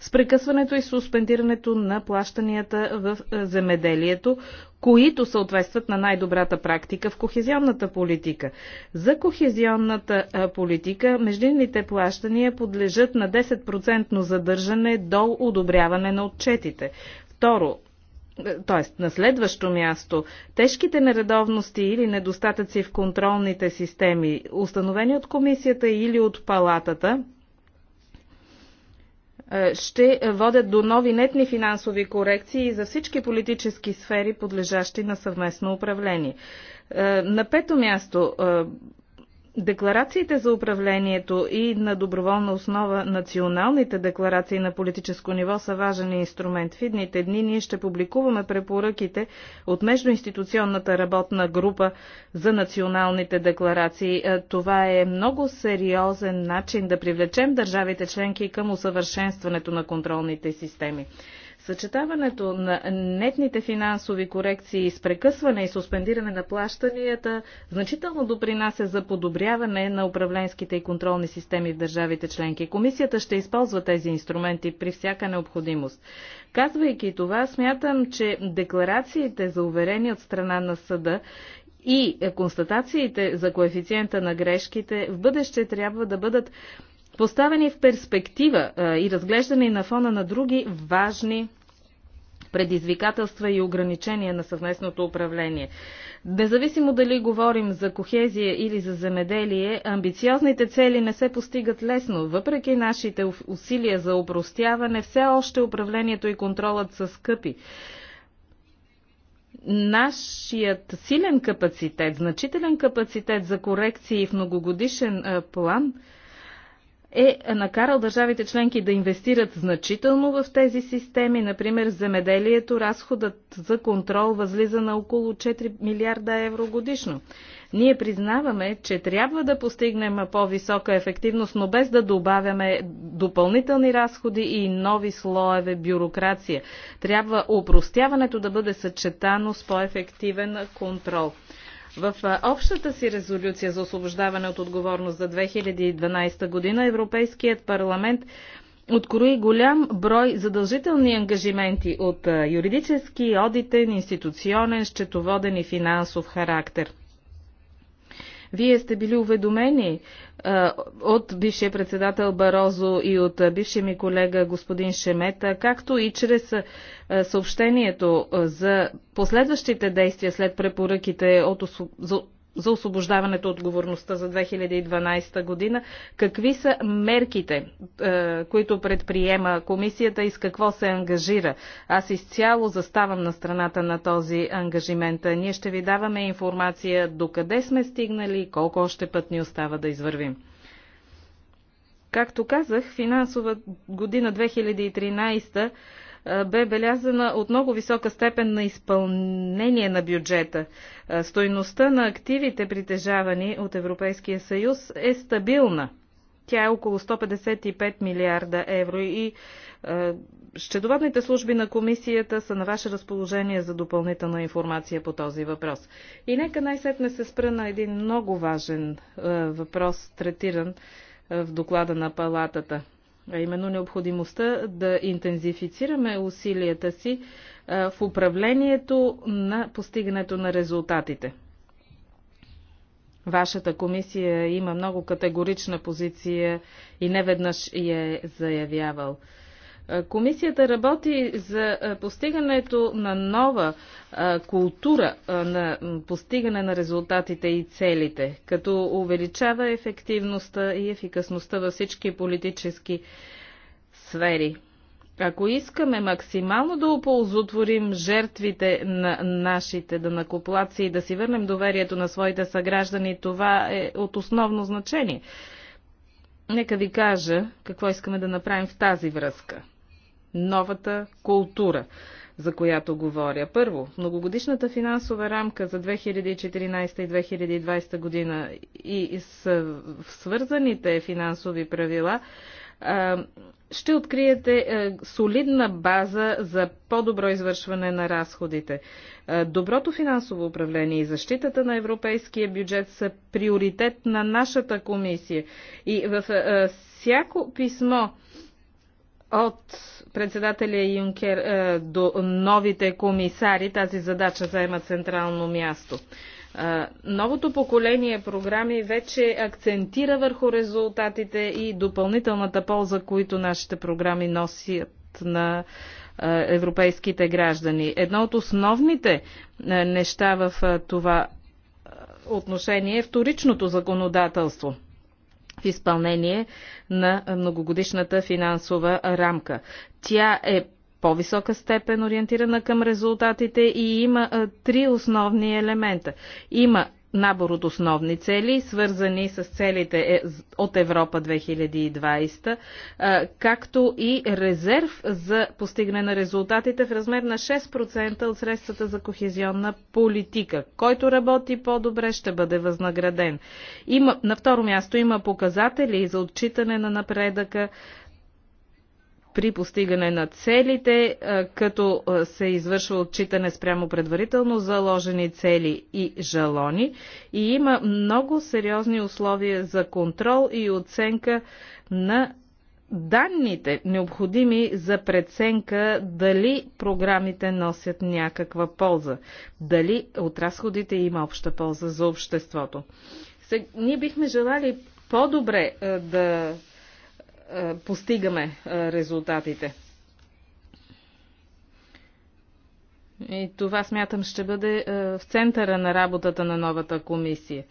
с прекъсването и суспендирането на плащанията в е, земеделието, които съответстват на най-добрата практика в кохезионната политика. За кохезионната е, политика междинните плащания подлежат на 10% задържане до одобряване на отчетите. Второ, т.е. на следващо място, тежките нередовности или недостатъци в контролните системи, установени от комисията или от палатата, е, ще водят до нови нетни финансови корекции за всички политически сфери, подлежащи на съвместно управление. Е, на пето място, е, Декларациите за управлението и на доброволна основа националните декларации на политическо ниво са важен инструмент. В идните дни ние ще публикуваме препоръките от Междуинституционната работна група за националните декларации. Е, това е много сериозен начин да привлечем държавите членки към усъвършенстването на контролните системи. Съчетаването на нетните финансови корекции с прекъсване и суспендиране на плащанията значително допринася за подобряване на управленските и контролни системи в държавите членки. Комисията ще използва тези инструменти при всяка необходимост. Казвайки това, смятам, че декларациите за уверение от страна на съда и констатациите за коефициента на грешките в бъдеще трябва да бъдат поставени в перспектива и разглеждани на фона на други важни предизвикателства и ограничения на съвместното управление. Независимо дали говорим за кохезия или за земеделие, амбициозните цели не се постигат лесно. Въпреки нашите усилия за упростяване, все още управлението и контролът са скъпи. Нашият силен капацитет, значителен капацитет за корекции в многогодишен план – е накарал държавите членки да инвестират значително в тези системи. Например, земеделието, разходът за контрол възлиза на около 4 милиарда евро годишно. Ние признаваме, че трябва да постигнем по-висока ефективност, но без да добавяме допълнителни разходи и нови слоеве бюрокрация. Трябва упростяването да бъде съчетано с по-ефективен контрол. В общата си резолюция за освобождаване от отговорност за 2012 година Европейският парламент открои голям брой задължителни ангажименти от юридически, одитен, институционен, счетоводен и финансов характер – вие сте били уведомени от бившия председател Барозо и от бившия ми колега господин Шемета, както и чрез съобщението за последващите действия след препоръките от, за за освобождаването от отговорността за 2012 година. Какви са мерките, е, които предприема комисията и с какво се ангажира? Аз изцяло заставам на страната на този ангажимент. Ние ще ви даваме информация до къде сме стигнали и колко още път ни остава да извървим. Както казах, финансова година 2013 е, бе белязана от много висока степен на изпълнение на бюджета. Е, стойността на активите, притежавани от Европейския съюз, е стабилна. Тя е около 155 милиарда евро и е, Щедоводните служби на комисията са на ваше разположение за допълнителна информация по този въпрос. И нека най-сетне се спра на един много важен е, въпрос, третиран е, в доклада на палатата – а именно необходимостта да интензифицираме усилията си в управлението на постигането на резултатите. Вашата комисия има много категорична позиция и неведнъж я е заявявал. Е, комисията работи за е, постигането на нова е, култура на постигане на резултатите и целите, като увеличава ефективността и ефикасността във всички политически сфери. Ако искаме максимално да оползотворим жертвите на нашите данакоплаци и да си върнем доверието на своите съграждани, това е от основно значение. Нека ви кажа какво искаме да направим в тази връзка – новата култура, за която говоря. Първо, многогодишната финансова рамка за 2014 и 2020 година и с свързаните финансови правила ще откриете е, солидна база за по-добро извършване на разходите. Е, доброто финансово управление и защитата на европейския бюджет са приоритет на нашата комисия. И в е, всяко писмо, от председателя Юнкер е, до новите комисари тази задача заема централно място. Е, новото поколение програми вече акцентира върху резултатите и допълнителната полза, които нашите програми носят на е, европейските граждани. Едно от основните неща в това отношение е вторичното законодателство – изпълнение на многогодишната финансова рамка. Тя е по-висока степен ориентирана към резултатите и има а, три основни елемента. Има набор от основни цели, свързани с целите е, от Европа 2020, както и резерв за постигане на резултатите в размер на 6% от средствата за кохезионна политика. Който работи по-добре, ще бъде възнаграден. Има, на второ място има показатели за отчитане на напредъка при постигане на целите, е, като е, се извършва отчитане спрямо предварително заложени цели и жалони и има много сериозни условия за контрол и оценка на данните, необходими за преценка дали програмите носят някаква полза, дали от разходите има обща полза за обществото. Сега, ние бихме желали по-добре е, да е, постигаме е, резултатите. И това смятам ще бъде е, в центъра на работата на новата комисия.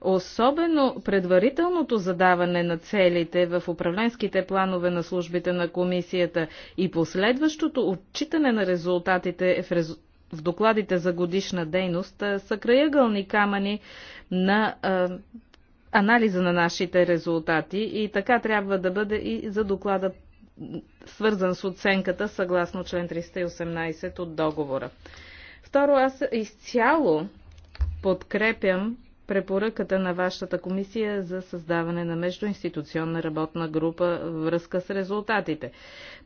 Особено предварителното задаване на целите в управленските планове на службите на комисията и последващото отчитане на резултатите в, рез... в докладите за годишна дейност са краягълни камъни на анализа на нашите резултати и така трябва да бъде и за доклада свързан с оценката съгласно член 318 от договора. Второ, аз изцяло подкрепям препоръката на вашата комисия за създаване на междуинституционна работна група във връзка с резултатите.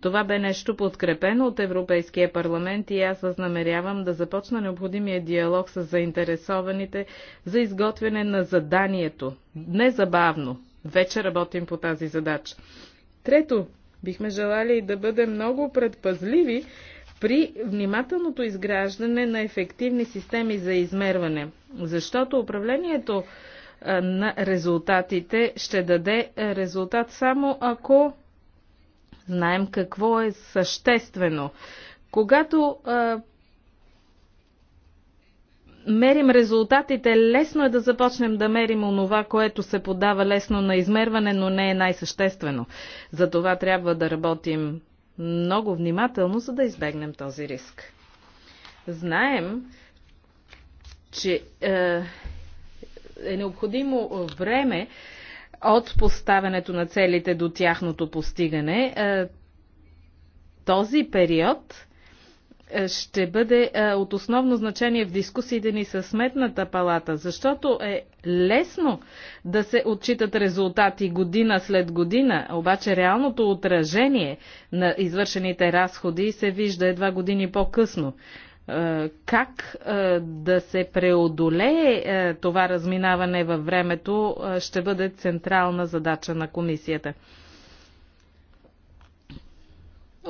Това бе нещо подкрепено от Европейския парламент и аз възнамерявам да започна необходимия диалог с заинтересованите за изготвяне на заданието. Незабавно. Вече работим по тази задача. Трето, бихме желали да бъдем много предпазливи при внимателното изграждане на ефективни системи за измерване, защото управлението на резултатите ще даде резултат само ако знаем какво е съществено. Когато а, мерим резултатите, лесно е да започнем да мерим онова, което се подава лесно на измерване, но не е най-съществено. За това трябва да работим много внимателно, за да избегнем този риск. Знаем, че е, е необходимо време от поставянето на целите до тяхното постигане. Е, този период е, ще бъде е, от основно значение в дискусиите ни с Сметната палата, защото е лесно да се отчитат резултати година след година, обаче реалното отражение на извършените разходи се вижда едва години по-късно. Е, как да се преодолее това разминаване във времето ще бъде централна задача на комисията.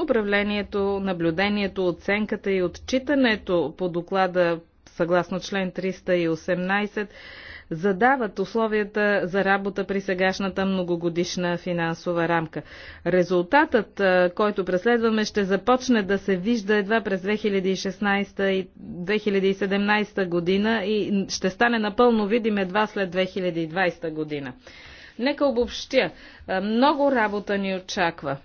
Управлението, наблюдението, оценката и отчитането по доклада съгласно член 318 задават условията за работа при сегашната многогодишна финансова рамка. Резултатът, който преследваме, ще започне да се вижда едва през 2016 и 2017 година и ще стане напълно видим едва след 2020 година. Нека обобщя. Много работа ни очаква.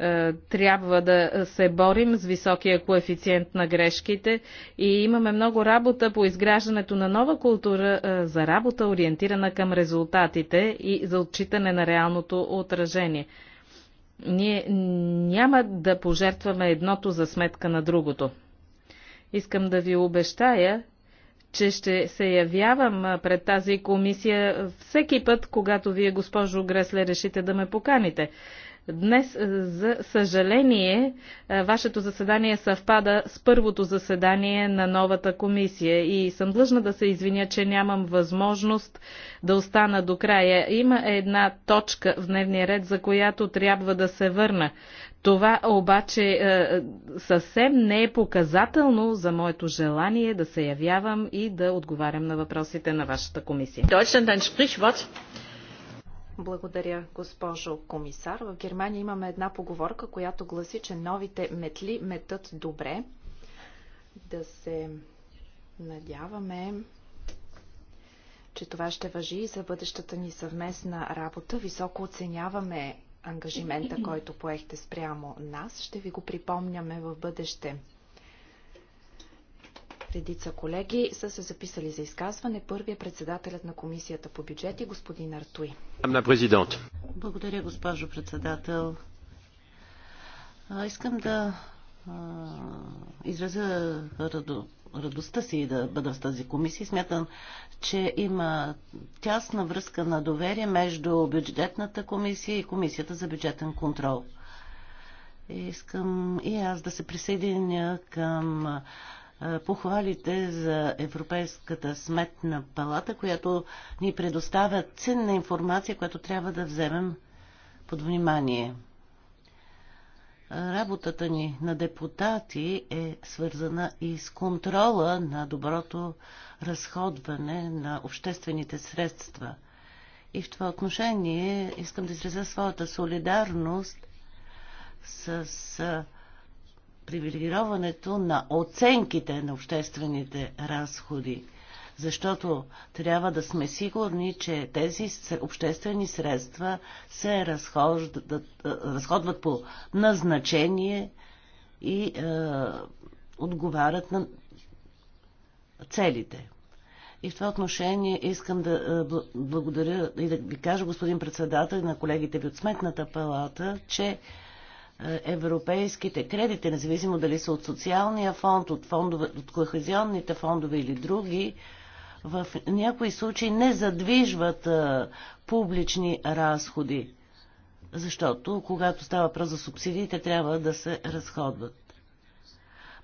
Е, трябва да се борим с високия коефициент на грешките и имаме много работа по изграждането на нова култура е, за работа, ориентирана към резултатите и за отчитане на реалното отражение. Ние няма да пожертваме едното за сметка на другото. Искам да ви обещая, че ще се явявам е, пред тази комисия всеки път, когато вие, госпожо Гресле, решите да ме поканите. Днес, е, за съжаление, е, вашето заседание съвпада с първото заседание на новата комисия и съм длъжна да се извиня, че нямам възможност да остана до края. Има една точка в дневния ред, за която трябва да се върна. Това обаче е, съвсем не е показателно за моето желание да се явявам и да отговарям на въпросите на вашата комисия. Благодаря, госпожо комисар. В Германия имаме една поговорка, която гласи, че новите метли метат добре. Да се надяваме, че това ще въжи и за бъдещата ни съвместна работа. Високо оценяваме ангажимента, който поехте спрямо нас. Ще ви го припомняме в бъдеще. Редица колеги са се записали за изказване. Първи е председателят на Комисията по бюджети, господин Артуи. Благодаря, госпожо председател. Искам да изразя радо, радостта си да бъда в тази комисия. Смятам, че има тясна връзка на доверие между бюджетната комисия и комисията за бюджетен контрол. Искам и аз да се присъединя към похвалите за Европейската сметна палата, която ни предоставя ценна информация, която трябва да вземем под внимание. Работата ни на депутати е свързана и с контрола на доброто разходване на обществените средства. И в това отношение искам да изразя своята солидарност с привилегироването на оценките на обществените разходи, защото трябва да сме сигурни, че тези обществени средства се разходват, разходват по назначение и е, отговарят на целите. И в това отношение искам да благодаря и да ви кажа, господин председател, и на колегите ви от Сметната палата, че е, европейските кредити, независимо дали са от социалния фонд, от, фондове, от кохезионните фондове или други, в някои случаи не задвижват а, е, публични разходи, защото когато става въпрос за субсидиите, трябва да се разходват.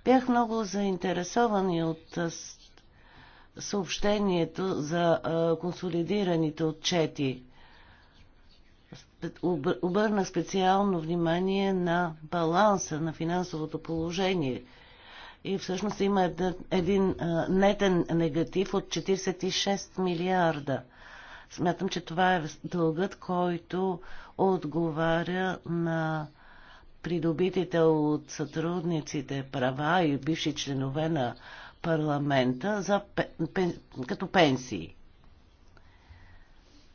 Бях много заинтересовани от а, е, съобщението за а, консолидираните отчети обърна специално внимание на баланса на финансовото положение. И всъщност има един нетен негатив от 46 милиарда. Смятам, че това е дългът, който отговаря на придобитите от сътрудниците права и бивши членове на парламента за, като пенсии.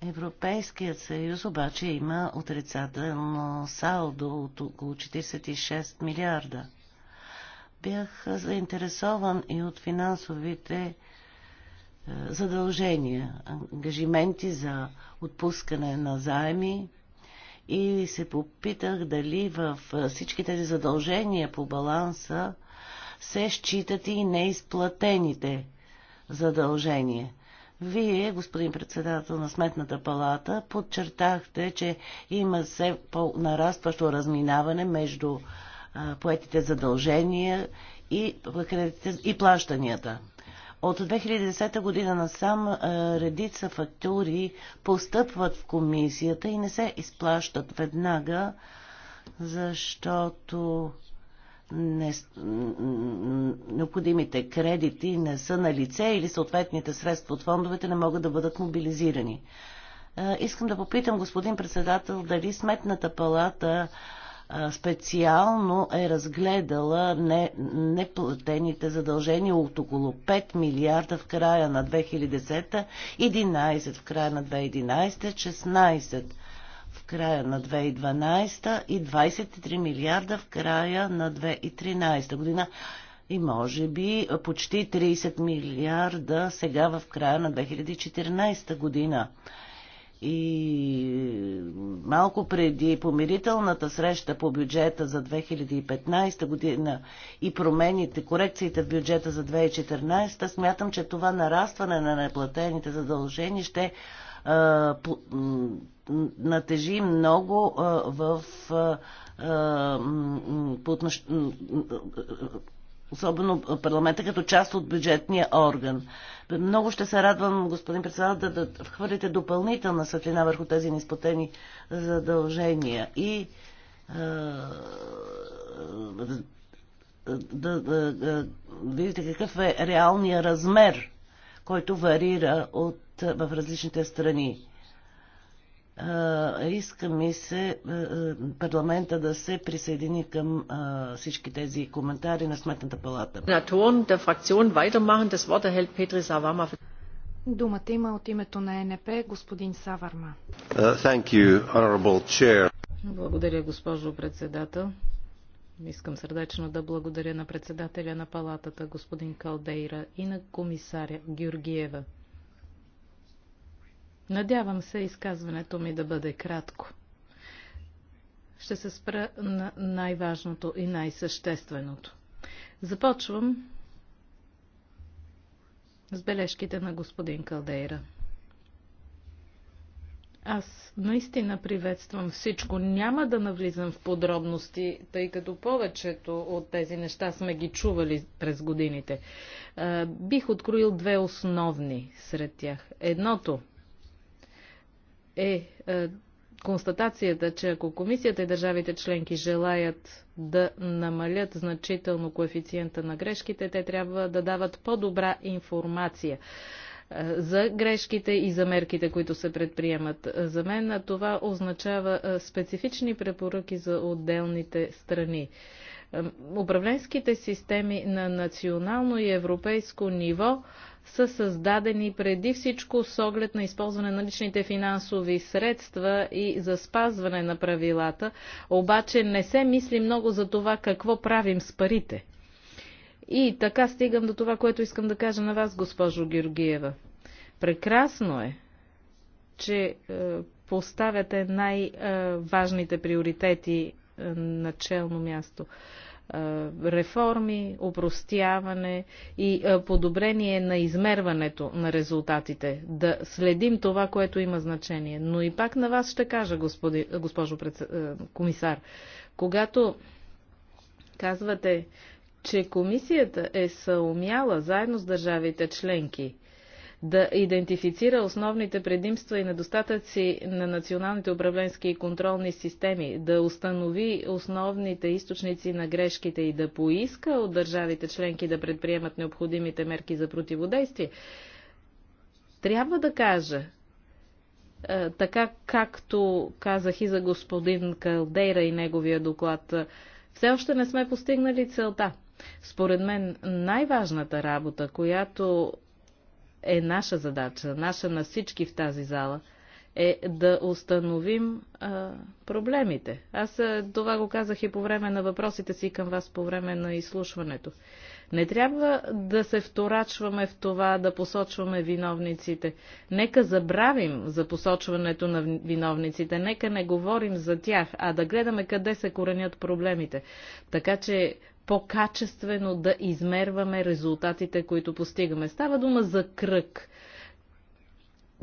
Европейският съюз обаче има отрицателно салдо от около 46 милиарда. Бях заинтересован и от финансовите е, задължения, ангажименти за отпускане на заеми и се попитах дали в е, всички тези задължения по баланса се считат и неизплатените задължения. Вие, господин председател на Сметната палата, подчертахте, че има все по-нарастващо разминаване между поетите задължения и, и плащанията. От 2010 година насам редица фактури постъпват в комисията и не се изплащат веднага, защото не, необходимите кредити не са на лице или съответните средства от фондовете не могат да бъдат мобилизирани. Искам да попитам, господин председател, дали Сметната палата специално е разгледала неплатените задължения от около 5 милиарда в края на 2010, 11 в края на 2011, 16 края на 2012 и 23 милиарда в края на 2013 година и може би почти 30 милиарда сега в края на 2014 година. И малко преди помирителната среща по бюджета за 2015 година и промените, корекциите в бюджета за 2014, смятам, че това нарастване на неплатените задължения ще натежи много в особено парламента като част от бюджетния орган. Много ще се радвам, господин председател, да, да хвърлите допълнителна светлина върху тези неизплатени задължения и да, да, да, да видите какъв е реалният размер който варира от, в различните страни. Иска ми се парламента да се присъедини към всички тези коментари на Сметната палата. Думата има от името на НП господин Саварма. Uh, Благодаря, госпожо председател. Искам сърдечно да благодаря на председателя на палатата, господин Калдейра, и на комисаря Георгиева. Надявам се изказването ми да бъде кратко. Ще се спра на най-важното и най-същественото. Започвам с бележките на господин Калдейра. Аз наистина приветствам всичко. Няма да навлизам в подробности, тъй като повечето от тези неща сме ги чували през годините. Бих откроил две основни сред тях. Едното е констатацията, че ако комисията и държавите членки желаят да намалят значително коефициента на грешките, те трябва да дават по-добра информация за грешките и за мерките, които се предприемат. За мен това означава специфични препоръки за отделните страни. Управленските системи на национално и европейско ниво са създадени преди всичко с оглед на използване на личните финансови средства и за спазване на правилата, обаче не се мисли много за това какво правим с парите. И така стигам до това, което искам да кажа на вас, госпожо Георгиева. Прекрасно е, че е, поставяте най-важните приоритети е, на челно място. Е, реформи, упростяване и подобрение на измерването на резултатите. Да следим това, което има значение. Но и пак на вас ще кажа, господи, госпожо пред... комисар, когато казвате, че комисията е съумяла заедно с държавите членки да идентифицира основните предимства и недостатъци на националните управленски и контролни системи, да установи основните източници на грешките и да поиска от държавите членки да предприемат необходимите мерки за противодействие, трябва да кажа, е, така както казах и за господин Калдейра и неговия доклад, е, все още не сме постигнали целта. Според мен най-важната работа, която е наша задача, наша на всички в тази зала, е да установим а, проблемите. Аз а, това го казах и по време на въпросите си към вас, по време на изслушването. Не трябва да се вторачваме в това, да посочваме виновниците. Нека забравим за посочването на виновниците, нека не говорим за тях, а да гледаме къде се коренят проблемите. Така че по-качествено да измерваме резултатите, които постигаме. Става дума за кръг.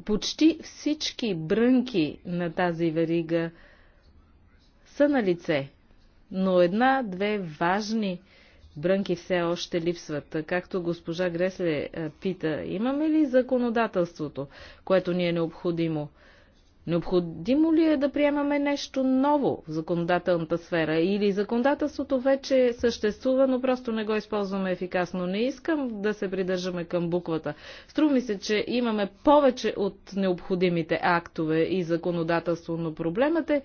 Почти всички брънки на тази верига са на лице, но една-две важни брънки все още липсват. Както госпожа Гресле е, пита, имаме ли законодателството, което ни е необходимо? Необходимо ли е да приемаме нещо ново в законодателната сфера или законодателството вече е съществува, но просто не го използваме ефикасно? Не искам да се придържаме към буквата. Струва ми се, че имаме повече от необходимите актове и законодателство, но проблемът е,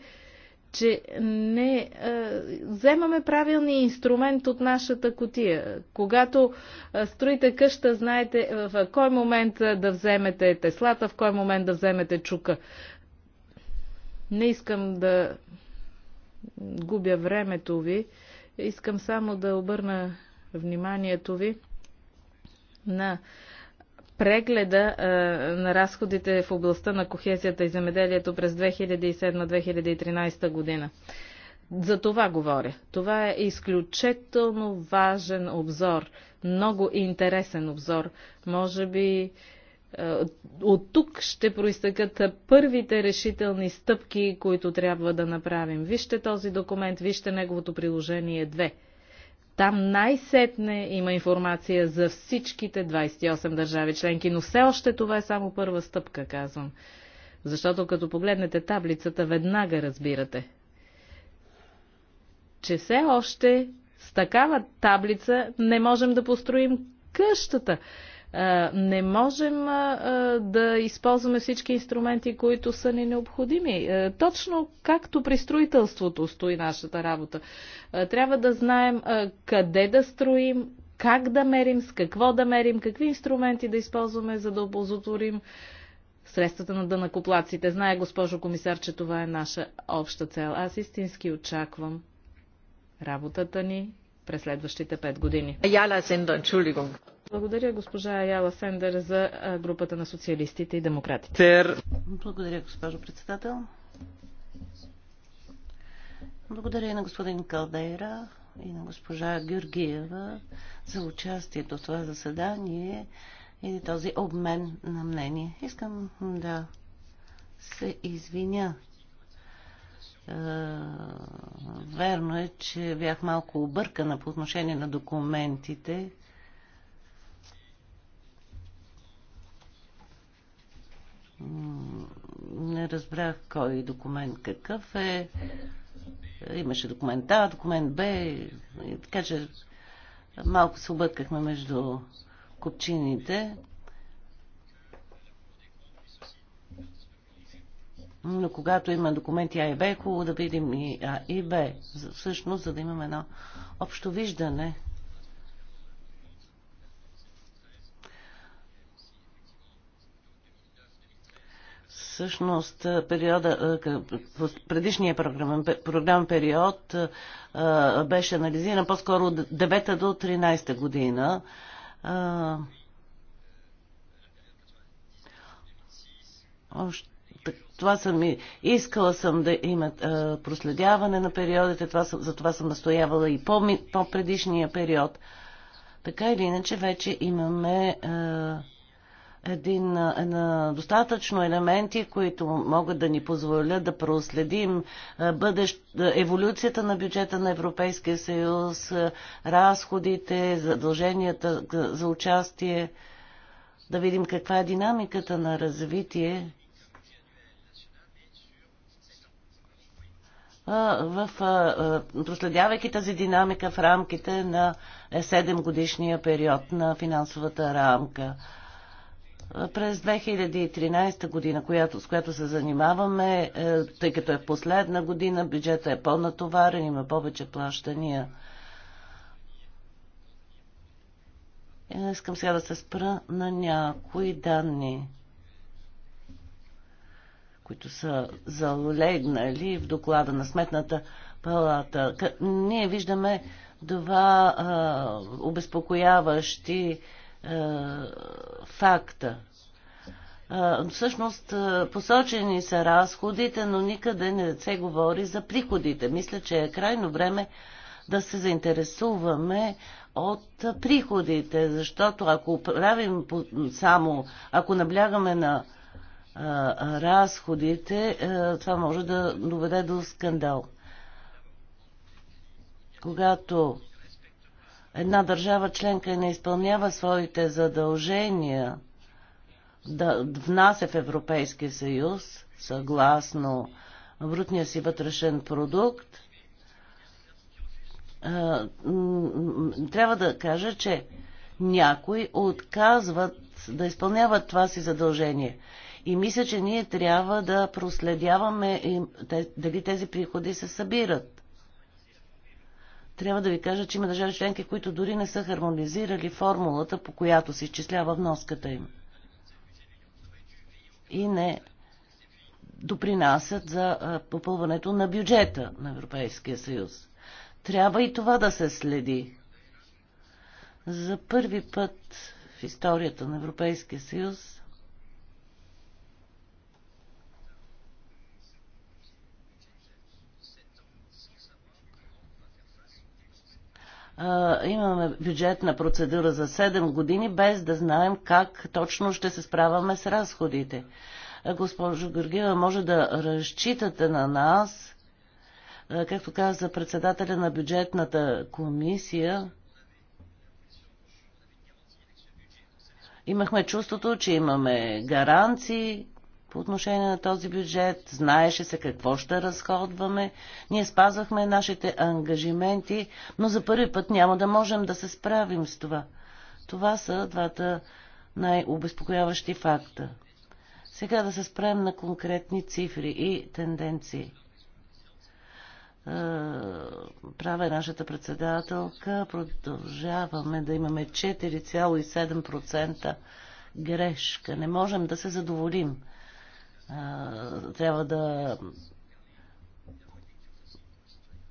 че не е, вземаме правилния инструмент от нашата котия. Когато е, строите къща, знаете в, в кой момент е, да вземете теслата, в кой момент да вземете чука. Не искам да губя времето ви. Искам само да обърна вниманието ви на прегледа а, на разходите в областта на кохезията и земеделието през 2007-2013 година. За това говоря. Това е изключително важен обзор, много интересен обзор. Може би е, от тук ще проистъкат първите решителни стъпки, които трябва да направим. Вижте този документ, вижте неговото приложение 2. Там най-сетне има информация за всичките 28 държави членки, но все още това е само първа стъпка, казвам. Защото като погледнете таблицата, веднага разбирате, че все още с такава таблица не можем да построим къщата. Е, не можем е, е, да използваме всички инструменти, които са ни необходими. Точно както при строителството стои нашата работа. Трябва да знаем къде да строим, как да мерим, с какво да мерим, какви инструменти да използваме, за да оползотворим средствата на дънакоплаците. Знае, госпожо комисар, че това е наша обща цел. Аз истински очаквам работата ни през следващите пет години. Яла благодаря госпожа Яла Сендер за групата на социалистите и демократите. Благодаря госпожо председател. Благодаря и на господин Калдейра и на госпожа Георгиева за участието в това заседание и този обмен на мнение. Искам да се извиня. верно е, че бях малко объркана по отношение на документите. не разбрах кой документ какъв е. Имаше документ А, документ Б. и Така че малко се объркахме между копчините. Но когато има документи А и Б, е хубаво да видим и А и Б. Всъщност, за да имаме едно общо виждане всъщност периода, предишния програмен, програм период беше анализиран по-скоро от 9 до 13 година. Това съм и искала съм да има проследяване на периодите, това съм, за това съм настоявала и по, по предишния период. Така или иначе вече имаме един, на достатъчно елементи, които могат да ни позволят да проследим бъдещ, еволюцията на бюджета на Европейския съюз, разходите, задълженията за участие, да видим каква е динамиката на развитие в, проследявайки тази динамика в рамките на 7 е, годишния период на финансовата рамка. През 2013 година, която, с която се занимаваме, е, тъй като е последна година, бюджета е по-натоварен, има повече плащания. Е, искам сега да се спра на някои данни, които са залегнали в доклада на Сметната палата. Ние виждаме два а, обезпокояващи е, факта. Е, всъщност е, посочени са разходите, но никъде не се говори за приходите. Мисля, че е крайно време да се заинтересуваме от приходите, защото ако правим само, ако наблягаме на а, разходите, а, това може да доведе до скандал. Когато една държава членка не изпълнява своите задължения да внася в Европейския съюз, съгласно брутния си вътрешен продукт, трябва да кажа, че някои отказват да изпълняват това си задължение. И мисля, че ние трябва да проследяваме дали тези приходи се събират. Трябва да ви кажа, че има държави членки, които дори не са хармонизирали формулата, по която се изчислява вноската им. И не допринасят за попълването на бюджета на Европейския съюз. Трябва и това да се следи. За първи път в историята на Европейския съюз имаме бюджетна процедура за 7 години, без да знаем как точно ще се справяме с разходите. Госпожо Георгиева, може да разчитате на нас, както каза председателя на бюджетната комисия, имахме чувството, че имаме гаранции, по отношение на този бюджет, знаеше се какво ще разходваме. Ние спазвахме нашите ангажименти, но за първи път няма да можем да се справим с това. Това са двата най-обезпокояващи факта. Сега да се спрем на конкретни цифри и тенденции. Права е нашата председателка. Продължаваме да имаме 4,7% грешка. Не можем да се задоволим трябва да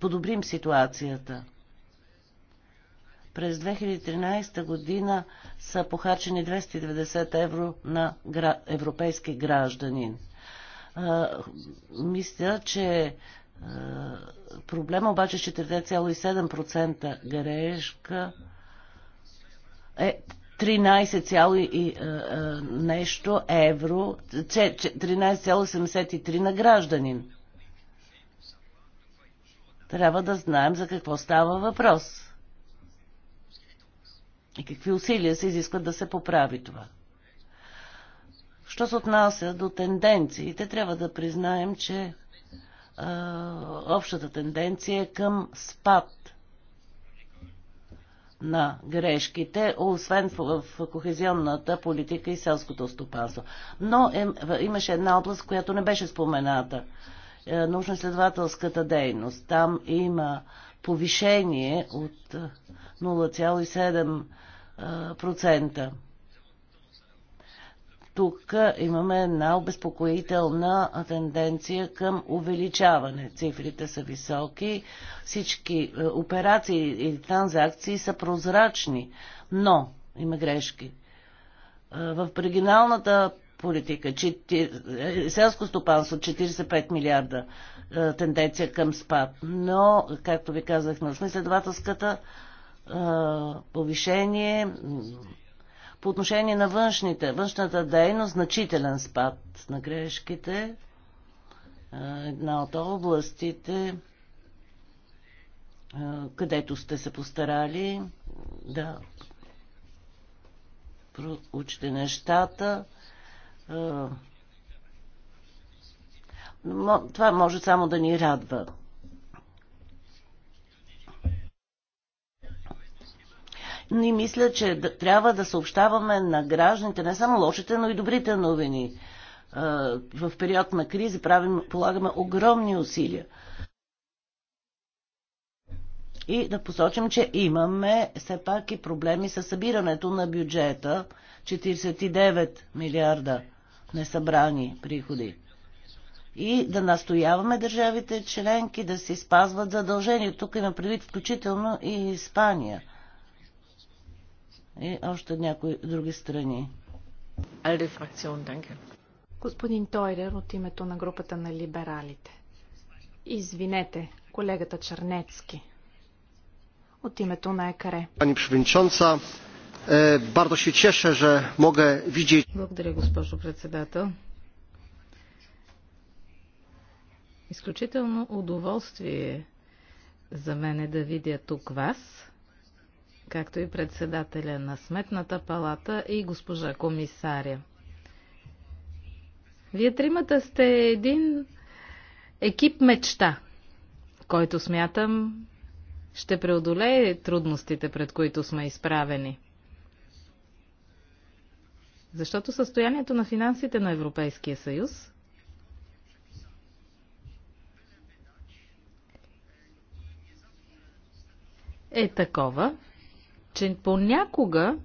подобрим ситуацията. През 2013 година са похарчени 290 евро на европейски гражданин. Мисля, че проблема обаче 4,7% грешка е 13, е, е, нещо евро, 13,83 на гражданин. Трябва да знаем за какво става въпрос. И какви усилия се изискват да се поправи това. Що се отнася до тенденциите, трябва да признаем, че е, общата тенденция е към спад на грешките, освен в, в кохезионната политика и селското стопанство. Но е, имаше една област, която не беше спомената. Е, научно-следователската дейност. Там има повишение от 0,7%. Е, тук имаме една обезпокоителна тенденция към увеличаване. Цифрите са високи, всички е, операции и транзакции са прозрачни, но има грешки. Е, в оригиналната политика, е, селско стопанство 45 милиарда тенденция към спад. Но, както ви казах, научно-изследователската повишение, по отношение на външните, външната дейност, значителен спад на грешките. Една от областите, където сте се постарали да проучите нещата. Това може само да ни радва. Но и мисля, че трябва да съобщаваме на гражданите не само лошите, но и добрите новини. В период на кризи правим, полагаме огромни усилия. И да посочим, че имаме все пак и проблеми с събирането на бюджета. 49 милиарда несъбрани приходи. И да настояваме държавите членки да си спазват задължението. Тук има предвид включително и Испания и още някои други страни. Алде фракцион, данке. Господин Тойдер от името на групата на либералите. Извинете, колегата Чернецки. От името на ЕКАРЕ. Пани Пшвинчонца, бардо си чеше, че мога види... Благодаря, госпожо председател. Изключително удоволствие за мен е да видя тук вас както и председателя на Сметната палата и госпожа комисаря. Вие тримата сте един екип мечта, който смятам ще преодолее трудностите, пред които сме изправени. Защото състоянието на финансите на Европейския съюз е такова, че понякога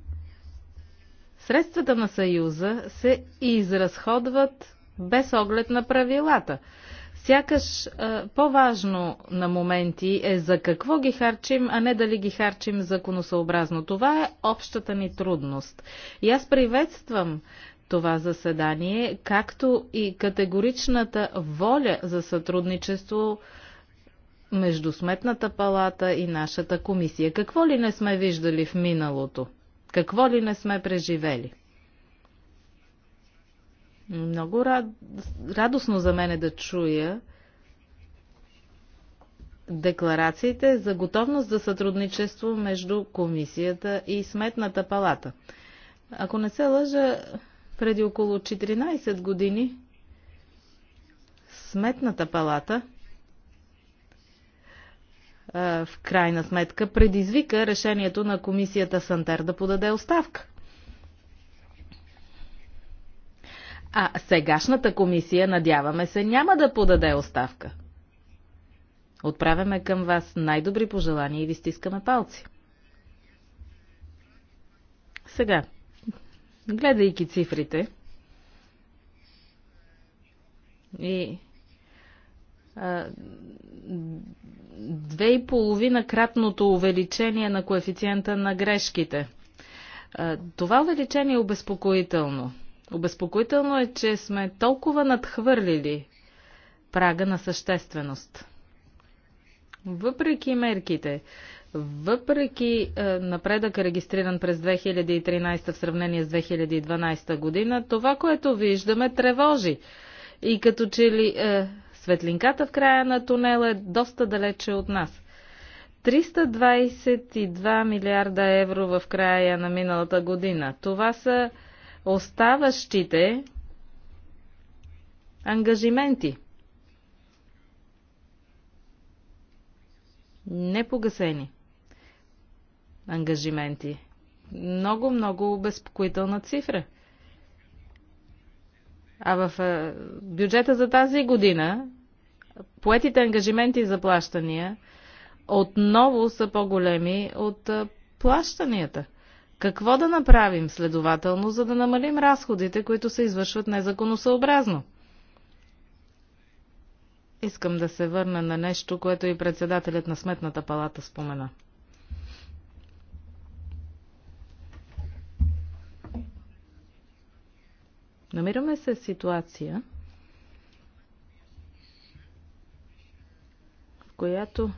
средствата на Съюза се изразходват без оглед на правилата. Сякаш по-важно на моменти е за какво ги харчим, а не дали ги харчим законосъобразно. Това е общата ни трудност. И аз приветствам това заседание, както и категоричната воля за сътрудничество между Сметната палата и нашата комисия. Какво ли не сме виждали в миналото? Какво ли не сме преживели? Много рад... радостно за мен е да чуя декларациите за готовност за сътрудничество между комисията и Сметната палата. Ако не се лъжа, преди около 14 години Сметната палата – е, в крайна сметка предизвика решението на комисията Сантер да подаде оставка. А сегашната комисия, надяваме се, няма да подаде оставка. Отправяме към вас най-добри пожелания и ви стискаме палци. Сега, гледайки цифрите и а, две и половина кратното увеличение на коефициента на грешките. Това увеличение е обезпокоително. Обезпокоително е, че сме толкова надхвърлили прага на същественост. Въпреки мерките, въпреки напредък регистриран през 2013 в сравнение с 2012 година, това, което виждаме, тревожи. И като че ли е, Светлинката в края на тунела е доста далече от нас. 322 милиарда евро в края на миналата година. Това са оставащите ангажименти. Непогасени ангажименти. Много, много обезпокоителна цифра. А в бюджета за тази година поетите ангажименти за плащания отново са по-големи от плащанията. Какво да направим следователно, за да намалим разходите, които се извършват незаконосъобразно? Искам да се върна на нещо, което и председателят на Сметната палата спомена. Намираме се в ситуация, която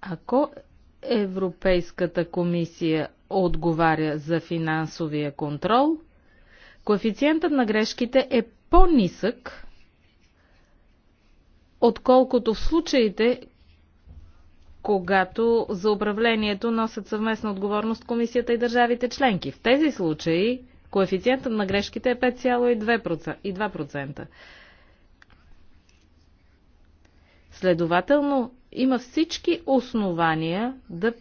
ако Европейската комисия отговаря за финансовия контрол, коефициентът на грешките е по-нисък, отколкото в случаите, когато за управлението носят съвместна отговорност комисията и държавите членки. В тези случаи коефициентът на грешките е 5,2%. Следователно, има всички основания да